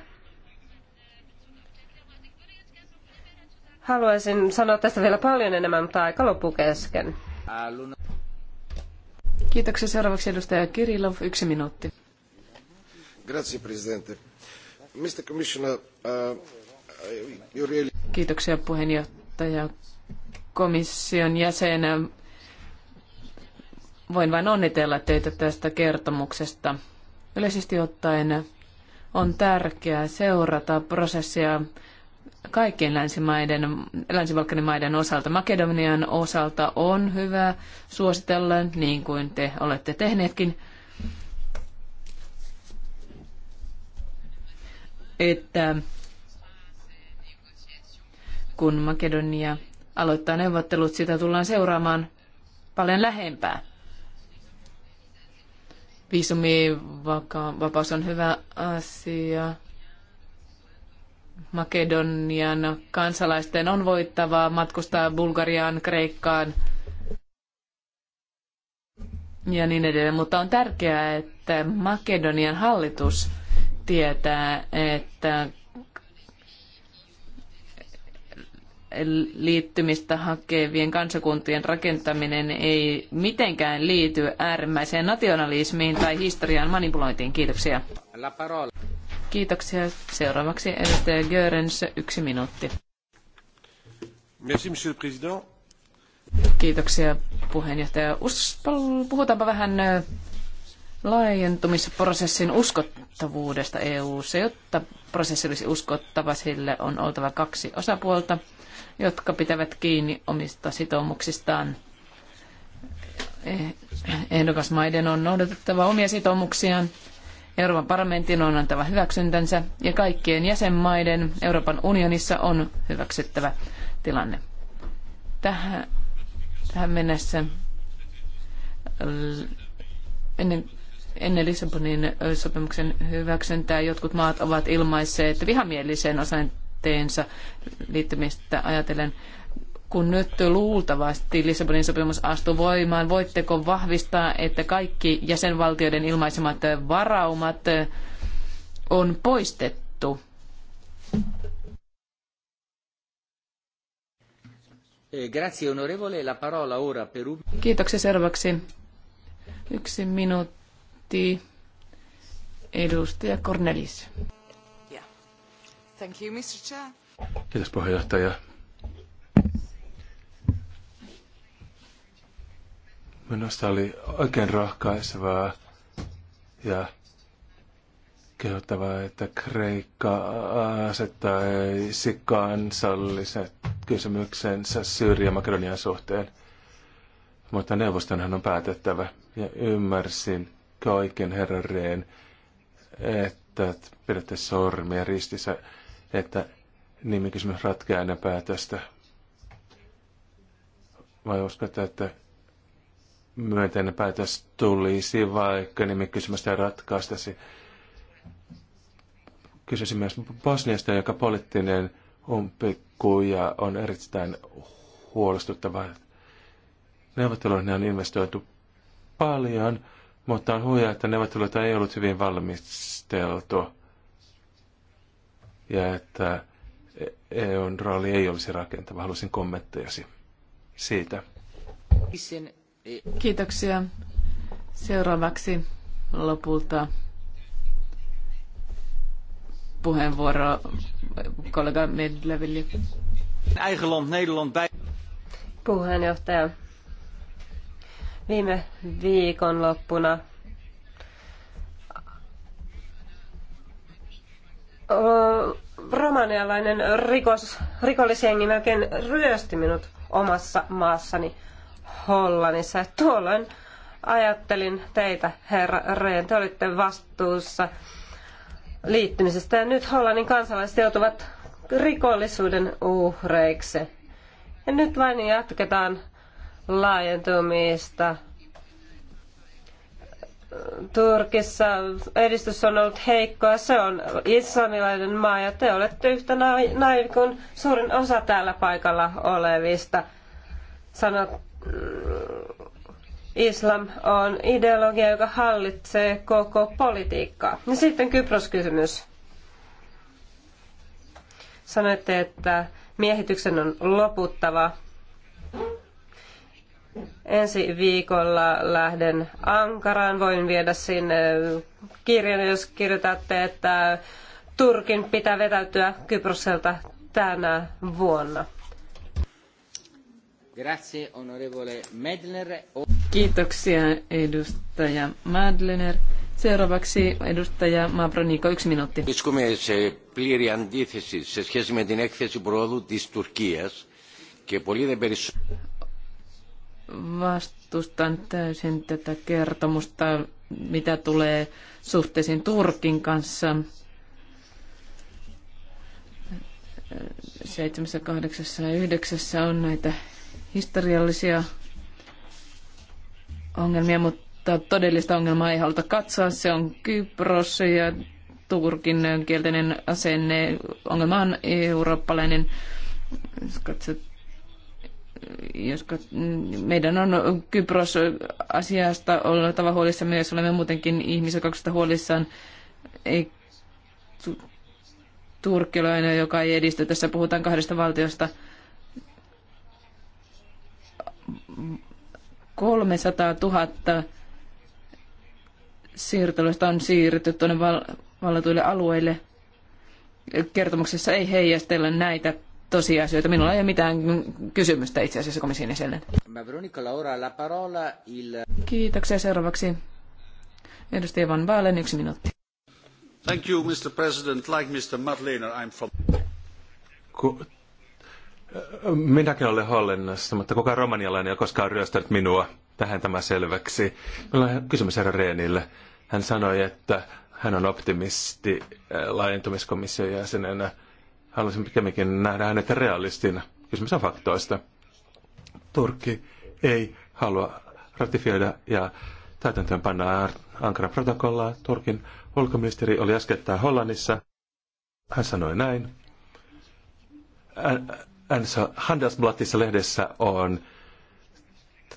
Haluaisin sanoa tästä vielä paljon enemmän, mutta aika loppu kesken. Kiitoksia. Seuraavaksi edustaja yksi minuutti. Uh, Kiitoksia puheenjohtaja komission jäsenä. Voin vain onnitella teitä tästä kertomuksesta. Yleisesti ottaen on tärkeää seurata prosessia kaikkien länsimaiden, länsi-Balkanin maiden osalta. Makedonian osalta on hyvä suositella, niin kuin te olette tehneetkin. että kun Makedonia aloittaa neuvottelut, sitä tullaan seuraamaan paljon lähempää. Viisumivapaus on hyvä asia. Makedonian kansalaisten on voittavaa matkustaa Bulgariaan, Kreikkaan ja niin edelleen. Mutta on tärkeää, että Makedonian hallitus tietää, että liittymistä hakevien kansakuntien rakentaminen ei mitenkään liity äärimmäiseen nationalismiin tai historian manipulointiin. Kiitoksia. Kiitoksia. Seuraavaksi edustaja Görens, yksi minuutti. Merci, monsieur le président. Kiitoksia puheenjohtaja. Us, puhutaanpa vähän laajentumisprosessin uskottavuudesta EU:ssa. Jotta prosessi olisi uskottava, sille on oltava kaksi osapuolta, jotka pitävät kiinni omista sitoumuksistaan. Ehdokasmaiden on noudatettava omia sitoumuksiaan. Euroopan parlamentin on antava hyväksyntänsä ja kaikkien jäsenmaiden Euroopan unionissa on hyväksyttävä tilanne. Tähän, tähän mennessä ennen ennen Lissabonin sopimuksen hyväksyntää jotkut maat ovat ilmaisseet vihamielisen asenteensa liittymistä ajatellen. Kun nyt luultavasti Lissabonin sopimus astuu voimaan, voitteko vahvistaa, että kaikki jäsenvaltioiden ilmaisemat varaumat on poistettu? Eh, grazie onorevole, la parola ora per un... Kiitoksia seuraavaksi. Yksi minuutti Seuraavaksi edustaja Cornelis. Yeah. Thank you, Mr. Chair. Kiitos puheenjohtaja. Minusta oli oikein rohkaisevaa ja kehottavaa, että Kreikka asettaisi kansalliset kysymyksensä Syyrian-Makedonian suhteen. Mutta neuvostonhan on päätettävä ja ymmärsin, Kaiken oikein, herra että pidätte sormia ristissä, että nimikysymys ratkeaa aina päätöstä? Vai uskotte, että myönteinen päätös tulisi, vaikka nimikysymystä ei ratkaistaisi? Kysyisin myös Bosniasta, joka poliittinen umpikuja on erittäin huolestuttava. Neuvotteluihin on investoitu paljon mutta on huija, että neuvotteluita ei ollut hyvin valmisteltu ja että e EUn rooli ei olisi rakentava. Haluaisin kommenttejasi siitä. Kiitoksia. Seuraavaksi lopulta puheenvuoro kollega Medleville. Eigen Nederland bij. Puheenjohtaja, Viime loppuna romanialainen rikos, rikollisjengi melkein ryösti minut omassa maassani Hollannissa. Tuolloin ajattelin teitä, herra Reen, te olitte vastuussa liittymisestä ja nyt Hollannin kansalaiset joutuvat rikollisuuden uhreiksi. Ja nyt vain jatketaan laajentumista. Turkissa edistys on ollut heikkoa. Se on islamilainen maa ja te olette yhtä naivi kuin suurin osa täällä paikalla olevista. Sanot, mm, islam on ideologia, joka hallitsee koko politiikkaa. Ja sitten Kypros-kysymys. Sanoitte, että miehityksen on loputtava. Ensi viikolla lähden Ankaraan. Voin viedä sinne kirjan, jos kirjoitatte, että Turkin pitää vetäytyä Kyprokselta tänä vuonna. Grazie, onorevole Medler. Kiitoksia, edustaja Madlener. Seuraavaksi edustaja Mavroniko, yksi minuutti. Βρίσκομαι σε πλήρη αντίθεση σε σχέση με την έκθεση προόδου της Τουρκίας και πολύ δεν περισσότερο vastustan täysin tätä kertomusta, mitä tulee suhteisiin Turkin kanssa. 7, kahdeksassa ja yhdeksässä on näitä historiallisia ongelmia, mutta todellista ongelmaa ei haluta katsoa. Se on Kypros ja Turkin kielteinen asenne. Ongelma on eurooppalainen. Jos katsot jos meidän on Kypros-asiasta oltava huolissamme, jos olemme muutenkin ihmisoikeuksista huolissaan, ei tu- Turkki ole joka ei edisty. Tässä puhutaan kahdesta valtiosta. 300 000 siirtolaista on siirretty tuonne val- vallatuille alueille. Kertomuksessa ei heijastella näitä tosiasioita. Minulla ei ole mitään kysymystä itse asiassa komission jäsenen. Kiitoksia. Seuraavaksi edustaja Van Baalen, yksi minuutti. Thank you, Mr. President. Like Mr. Madlener, I'm from... Ku... Minäkin olen hallinnassa, mutta kukaan romanialainen ei ole koskaan ryöstänyt minua. Tähän tämä selväksi. Minulla on kysymys herra Reenille. Hän sanoi, että hän on optimisti laajentumiskomission jäsenenä Haluaisin pikemminkin nähdä hänet realistina. Kysymys on faktoista. Turkki ei halua ratifioida ja täytäntöön panna Ankaran protokollaa. Turkin ulkoministeri oli äskettäin Hollannissa. Hän sanoi näin. Handelsblattissa lehdessä on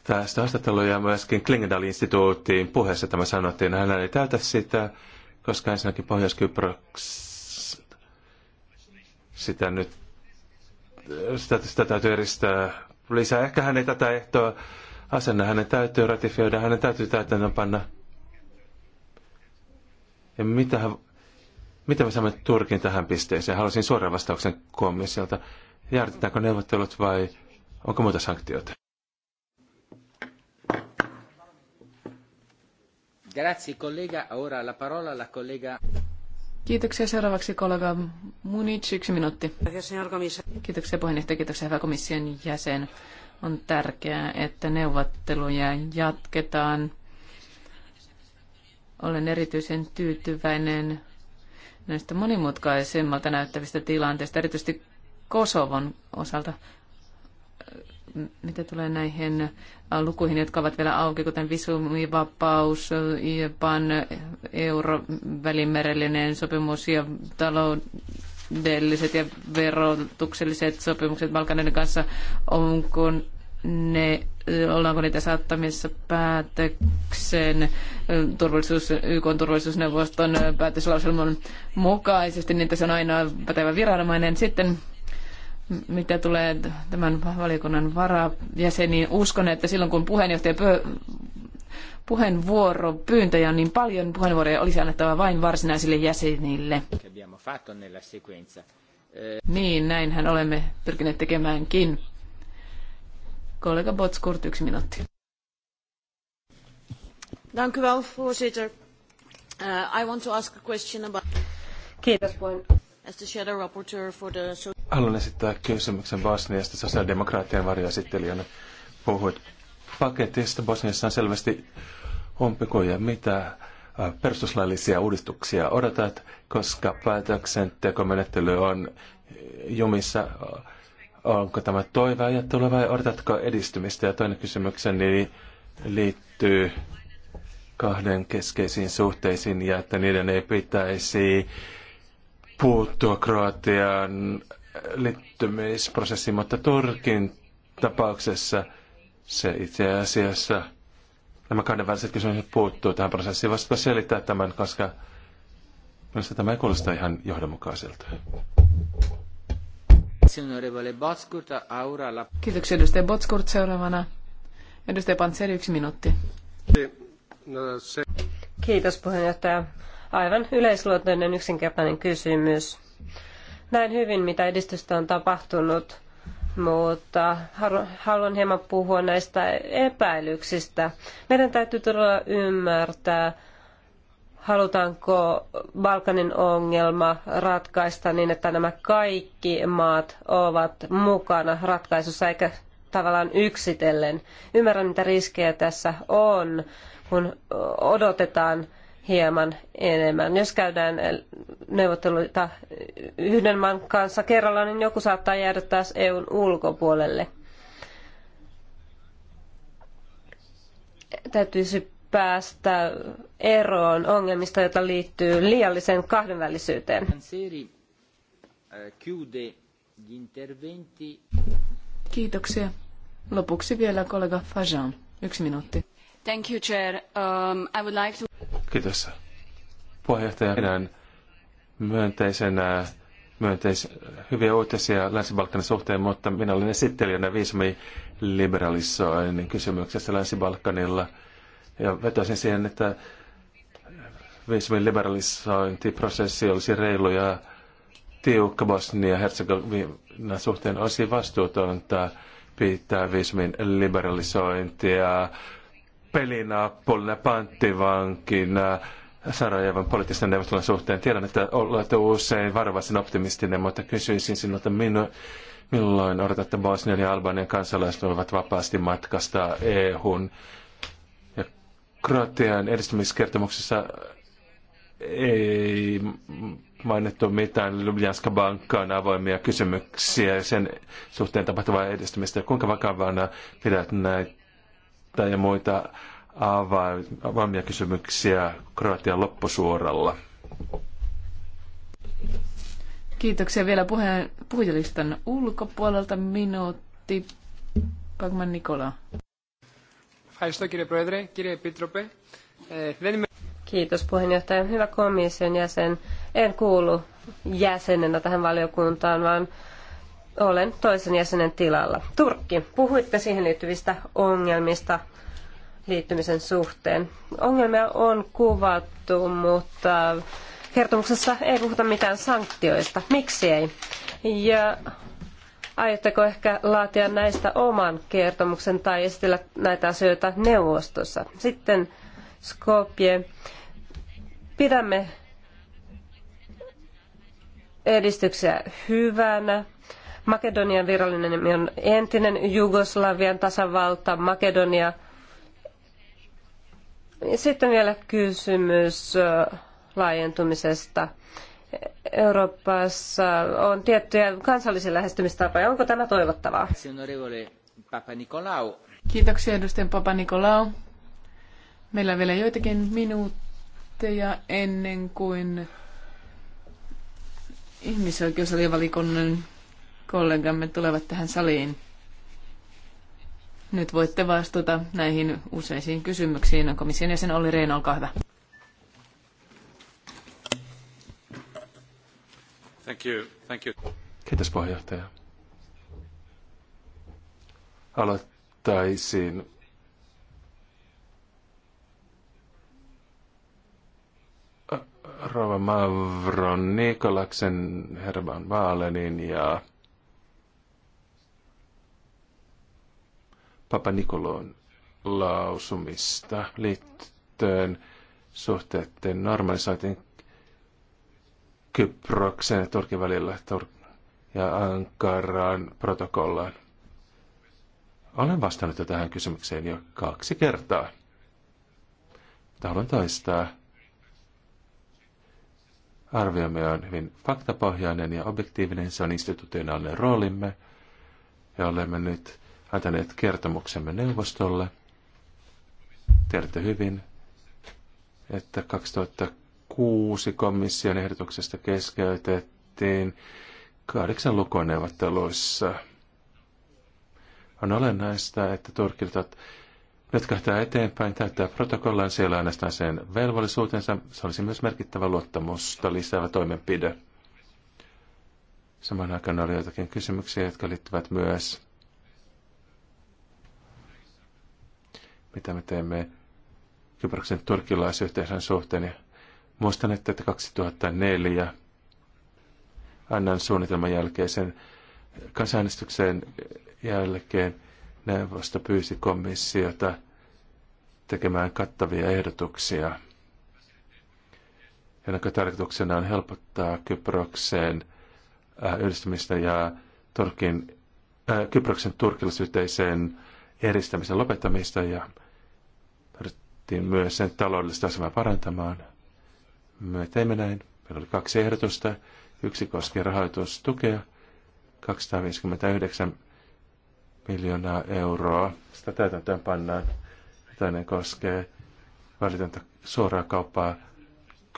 tästä haastatteluja myöskin Klingendal-instituuttiin puheessa tämä sanottiin. Hän ei täytä sitä, koska ensinnäkin pohjois sitä nyt sitä, sitä täytyy eristää lisää. Ehkä hän ei tätä ehtoa asenna. Hänen täytyy ratifioida, hänen täytyy täytäntöön panna. Ja mitä, mitä me saamme Turkin tähän pisteeseen? Haluaisin suoran vastauksen komissiolta. Järjestetäänkö neuvottelut vai onko muuta sanktioita? Grazie collega, ora la parola alla collega Kiitoksia. Seuraavaksi kollega Munich, yksi minuutti. Kiitoksia puheenjohtaja, kiitoksia hyvä komission jäsen. On tärkeää, että neuvotteluja jatketaan. Olen erityisen tyytyväinen näistä monimutkaisemmalta näyttävistä tilanteista, erityisesti Kosovon osalta mitä tulee näihin äh, lukuihin, jotka ovat vielä auki, kuten visumivapaus, Japan, euro, välimerellinen sopimus ja taloudelliset ja verotukselliset sopimukset Balkanin kanssa, onko ne, ollaanko niitä saattamissa päätöksen äh, turvallisuus, YK turvallisuusneuvoston äh, päätöslauselman mukaisesti, niin tässä on aina pätevä viranomainen. Sitten mitä tulee tämän valiokunnan varajäseniin, uskon, että silloin kun puheenjohtaja pö- puheenvuoro pyyntöjä on niin paljon, niin puheenvuoroja olisi annettava vain varsinaisille jäsenille. Niin, näinhän olemme pyrkineet tekemäänkin. kollega Botskurt, yksi minuutti. Uh, Kiitos, puheenjohtaja. As the shadow rapporteur for the... Haluan esittää kysymyksen Bosniasta sosiaalidemokraattien varjoesittelijänä. Puhuit paketista. Bosniassa on selvästi umpikuja. Mitä perustuslaillisia uudistuksia odotat, koska päätöksentekomenettely on jumissa? Onko tämä ajattelu vai odotatko edistymistä? Ja toinen kysymykseni liittyy kahden keskeisiin suhteisiin ja että niiden ei pitäisi puuttua Kroatian liittymisprosessiin, mutta Turkin tapauksessa se itse asiassa nämä kahdenväliset kysymykset puuttuu tähän prosessiin. Voisitko selittää tämän, koska minusta tämä ei kuulosta ihan johdonmukaiselta. Kiitoksia edustaja Botskurt seuraavana. Edustaja Pantseri, yksi minuutti. Kiitos puheenjohtaja aivan yleisluontoinen yksinkertainen kysymys. Näin hyvin, mitä edistystä on tapahtunut, mutta haluan hieman puhua näistä epäilyksistä. Meidän täytyy todella ymmärtää, halutaanko Balkanin ongelma ratkaista niin, että nämä kaikki maat ovat mukana ratkaisussa eikä tavallaan yksitellen. Ymmärrän, mitä riskejä tässä on, kun odotetaan hieman enemmän. Jos käydään neuvotteluita yhden maan kanssa kerrallaan, niin joku saattaa jäädä taas EUn ulkopuolelle. Täytyisi päästä eroon ongelmista, joita liittyy liialliseen kahdenvälisyyteen. Kiitoksia. Lopuksi vielä kollega Fajan. Yksi minuutti. Thank you, Chair. Um, I would like to... Kiitos. Puheenjohtaja, pidän myönteisenä myönteis, hyviä uutisia Länsi-Balkanin suhteen, mutta minä olen esittelijänä viisumi liberalisoinnin kysymyksessä Länsi-Balkanilla. Ja vetoisin siihen, että viisumin liberalisointiprosessi olisi reilu ja tiukka Bosnia ja Herzegovina suhteen olisi vastuutonta pitää viisumin liberalisointia pelinaappullinen panttivankina äh, Sarajevan poliittisen neuvottelun suhteen. Tiedän, että olette usein varovaisen optimistinen, mutta kysyisin sinulta, minu, milloin odotatte Bosnian ja Albanian kansalaiset voivat vapaasti matkasta EUn ja Kroatian edistymiskertomuksessa ei mainittu mitään Ljubljanska Bankkaan avoimia kysymyksiä ja sen suhteen tapahtuvaa edistymistä. Kuinka vakavana pidät näitä jättää ja muita avaimia kysymyksiä Kroatian loppusuoralla. Kiitoksia vielä puheen, puhujalistan ulkopuolelta minuutti. Pagman Nikola. Kiitos puheenjohtaja. Hyvä komission jäsen. En kuulu jäsenenä tähän valiokuntaan, vaan olen toisen jäsenen tilalla. Turkki, puhuitte siihen liittyvistä ongelmista liittymisen suhteen. Ongelmia on kuvattu, mutta kertomuksessa ei puhuta mitään sanktioista. Miksi ei? Ja aiotteko ehkä laatia näistä oman kertomuksen tai esitellä näitä asioita neuvostossa? Sitten Skopje. Pidämme edistyksiä hyvänä Makedonian virallinen nimi on entinen Jugoslavian tasavalta, Makedonia. Sitten vielä kysymys laajentumisesta. Euroopassa on tiettyjä kansallisia lähestymistapoja. Onko tämä toivottavaa? Kiitoksia edustaja Papa Nikolau. Meillä on vielä joitakin minuutteja ennen kuin ihmisoikeusaliovalikunnan kollegamme tulevat tähän saliin. Nyt voitte vastata näihin useisiin kysymyksiin. Komission jäsen Olli Rehn, olkaa hyvä. Thank you. Thank you. Kiitos puheenjohtaja. Aloittaisin Rova Mavron Nikolaksen, Herman Vaalenin ja Papa Nikoloon lausumista liittyen suhteiden normalisaatiin Kyproksen ja Turkin välillä ja Ankaran protokollaan. Olen vastannut jo tähän kysymykseen jo kaksi kertaa. haluan toistaa. Arviomme on hyvin faktapohjainen ja objektiivinen. Se on institutionaalinen roolimme. Ja olemme nyt antaneet kertomuksemme neuvostolle. Tiedätte hyvin, että 2006 komission ehdotuksesta keskeytettiin kahdeksan lukoneuvotteluissa. On olennaista, että Turkilta pötkähtää eteenpäin, täyttää protokollan, siellä äänestää sen velvollisuutensa. Se olisi myös merkittävä luottamusta lisäävä toimenpide. Samaan aikaan oli joitakin kysymyksiä, jotka liittyvät myös mitä me teemme Kyproksen turkilaisyhteisön suhteen. Ja muistan, että 2004 annan suunnitelman sen kansanäänestyksen jälkeen neuvosto pyysi komissiota tekemään kattavia ehdotuksia, jonka tarkoituksena on helpottaa Kyprokseen äh, yhdistymistä ja Turkin, äh, Kyproksen turkilasyhteiseen eristämisen lopettamista ja pyrittiin myös sen taloudellista asemaa parantamaan. Me teimme näin. Meillä oli kaksi ehdotusta. Yksi koskee rahoitustukea, 259 miljoonaa euroa. Sitä täytäntöön pannaan. Toinen koskee välitöntä suoraa kauppaa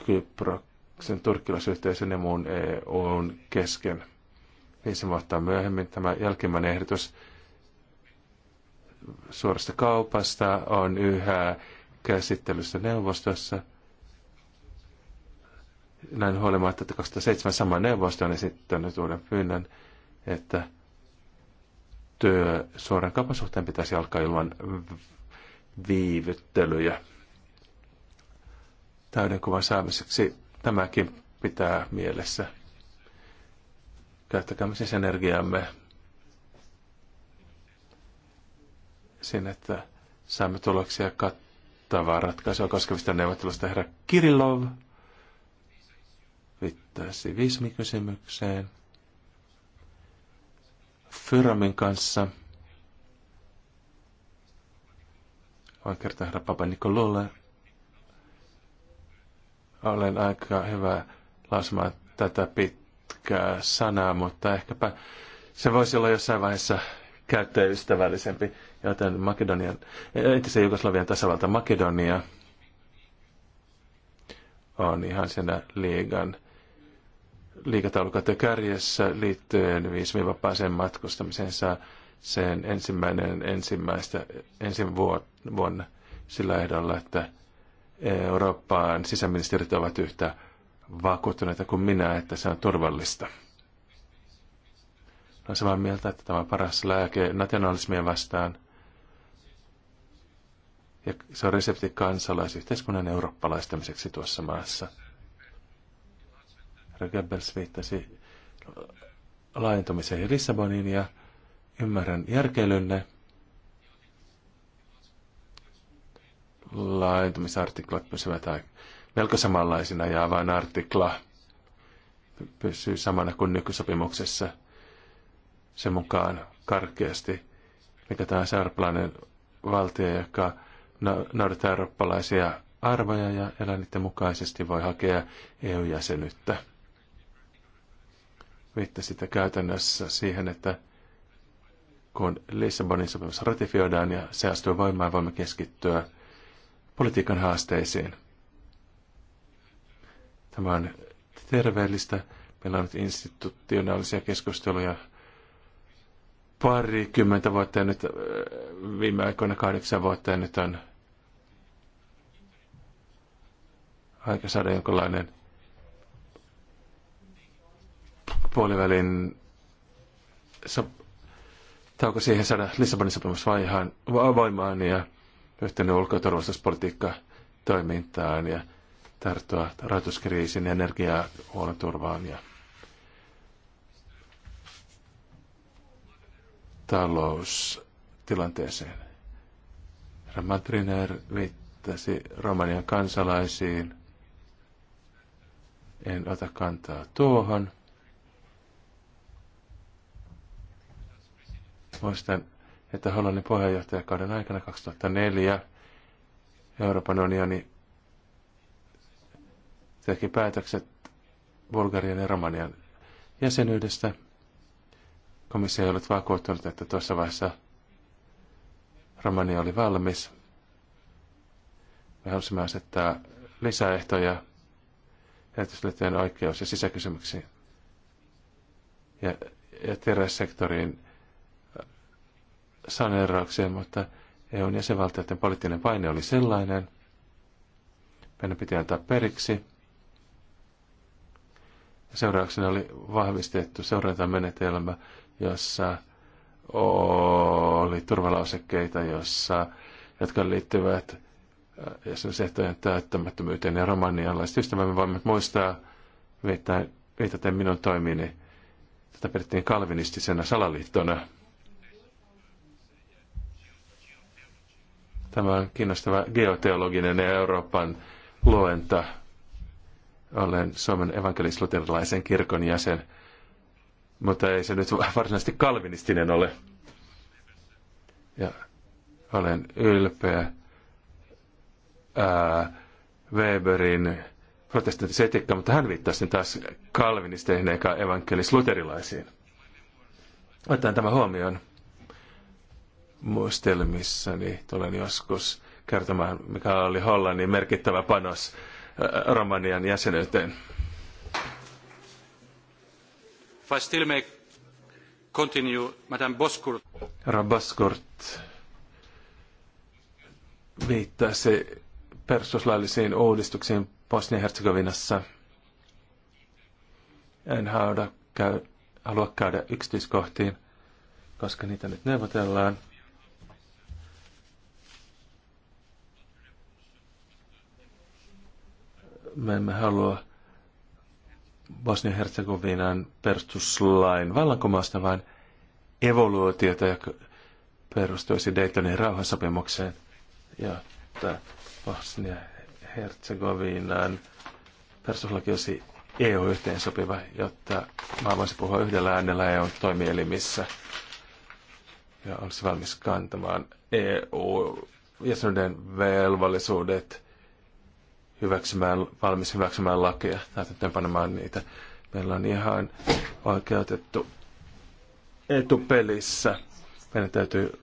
Kyproksen turkkilaisyhteisön ja muun EUn kesken. Viisi vuotta myöhemmin tämä jälkimmäinen ehdotus suorasta kaupasta on yhä käsittelyssä neuvostossa. Näin huolimatta, että 2007 sama neuvosto on esittänyt uuden pyynnön, että työ suoran kaupan suhteen pitäisi alkaa ilman viivyttelyjä. kuvan saamiseksi tämäkin pitää mielessä. Käyttäkäämme siis energiamme sinne, että saamme tuloksia kat- kattavaa ratkaisua koskevista neuvottelusta herra Kirillov viittasi viisumikysymykseen Fyramin kanssa. Voin kertoa herra Papa Nikolulle. Olen aika hyvä lausumaan tätä pitkää sanaa, mutta ehkäpä se voisi olla jossain vaiheessa käyttäjäystävällisempi ja tämän Makedonian, entisen Jugoslavian tasavalta Makedonia on ihan siinä liigan liikataulukautta kärjessä liittyen viisumivapaaseen saa sen ensimmäinen ensimmäistä ensin vuonna sillä ehdolla, että Eurooppaan sisäministerit ovat yhtä vakuuttuneita kuin minä, että se on turvallista. Olen samaa mieltä, että tämä on paras lääke nationalismia vastaan – ja se on resepti kansalaisyhteiskunnan eurooppalaistamiseksi tuossa maassa. Goebbels viittasi laajentumiseen Lissaboniin ja ymmärrän järkeilynne. Laajentumisartiklat pysyvät melko samanlaisina ja vain artikla pysyy samana kuin nykysopimuksessa sen mukaan karkeasti, mikä tämä seuraplainen valtio, joka No, noudattaa eurooppalaisia arvoja ja elää niiden mukaisesti voi hakea EU-jäsenyyttä. sitä käytännössä siihen, että kun Lissabonin sopimus ratifioidaan ja se astuu voimaan, voimme keskittyä politiikan haasteisiin. Tämä on terveellistä. Meillä on nyt institutionaalisia keskusteluja parikymmentä vuotta ja nyt äh, viime aikoina kahdeksan vuotta ja nyt on aika saada jonkinlainen puolivälin so, tauko siihen saada Lissabonin sopimus vaihaan, va- voimaan ja yhteinen ulko- ja turvallisuuspolitiikka toimintaan ja tarttua rahoituskriisin ja energiahuollon turvaan ja taloustilanteeseen. Ramatriner viittasi Romanian kansalaisiin – en ota kantaa tuohon. Muistan, että Hollannin puheenjohtajakauden aikana 2004 Euroopan unioni teki päätökset Bulgarian ja Romanian jäsenyydestä. Komissio ei ollut vakuuttunut, että tuossa vaiheessa Romania oli valmis. Me halusimme asettaa lisäehtoja yritysliittojen oikeus- ja sisäkysymyksiin ja, ja terässektorin äh, saneeraukseen, mutta EUn jäsenvaltioiden poliittinen paine oli sellainen, meidän piti antaa periksi. Seurauksena oli vahvistettu seurantamenetelmä, jossa oli turvalausekkeita, jossa, jotka liittyvät sehtojen täyttämättömyyteen ja romanialaiset ystävämme voimme muistaa, viitaten minun toimiini, tätä pidettiin kalvinistisena salaliittona. Tämä on kiinnostava geoteologinen ja Euroopan luenta. Olen Suomen evankelis-luterilaisen kirkon jäsen, mutta ei se nyt varsinaisesti kalvinistinen ole. Ja olen ylpeä Weberin protestanttisen etiikkaan, mutta hän viittasi taas kalvinisteihin eikä evankelis-luterilaisiin. Otetaan tämä huomioon muistelmissani. Tulen joskus kertomaan, mikä oli Hollannin merkittävä panos Romanian jäsenyyteen. If continue, Madame Boskurt. Herra viittasi perustuslaillisiin uudistuksiin Bosnia-Herzegovinassa. En hauda, käy, halua käydä yksityiskohtiin, koska niitä nyt neuvotellaan. Me emme halua Bosnia-Herzegovinan perustuslain vallankumousta, vaan evoluutiota, joka perustuisi Daytonin rauhansopimukseen. Ja tämä Bosnia Herzegovinaan perustuslaki olisi EU-yhteen sopiva, jotta maa voisi puhua yhdellä äänellä on e toimielimissä ja olisi valmis kantamaan EU-jäsenyyden velvollisuudet hyväksymään, valmis hyväksymään lakeja tai panemaan niitä. Meillä on ihan oikeutettu etupelissä. Meidän täytyy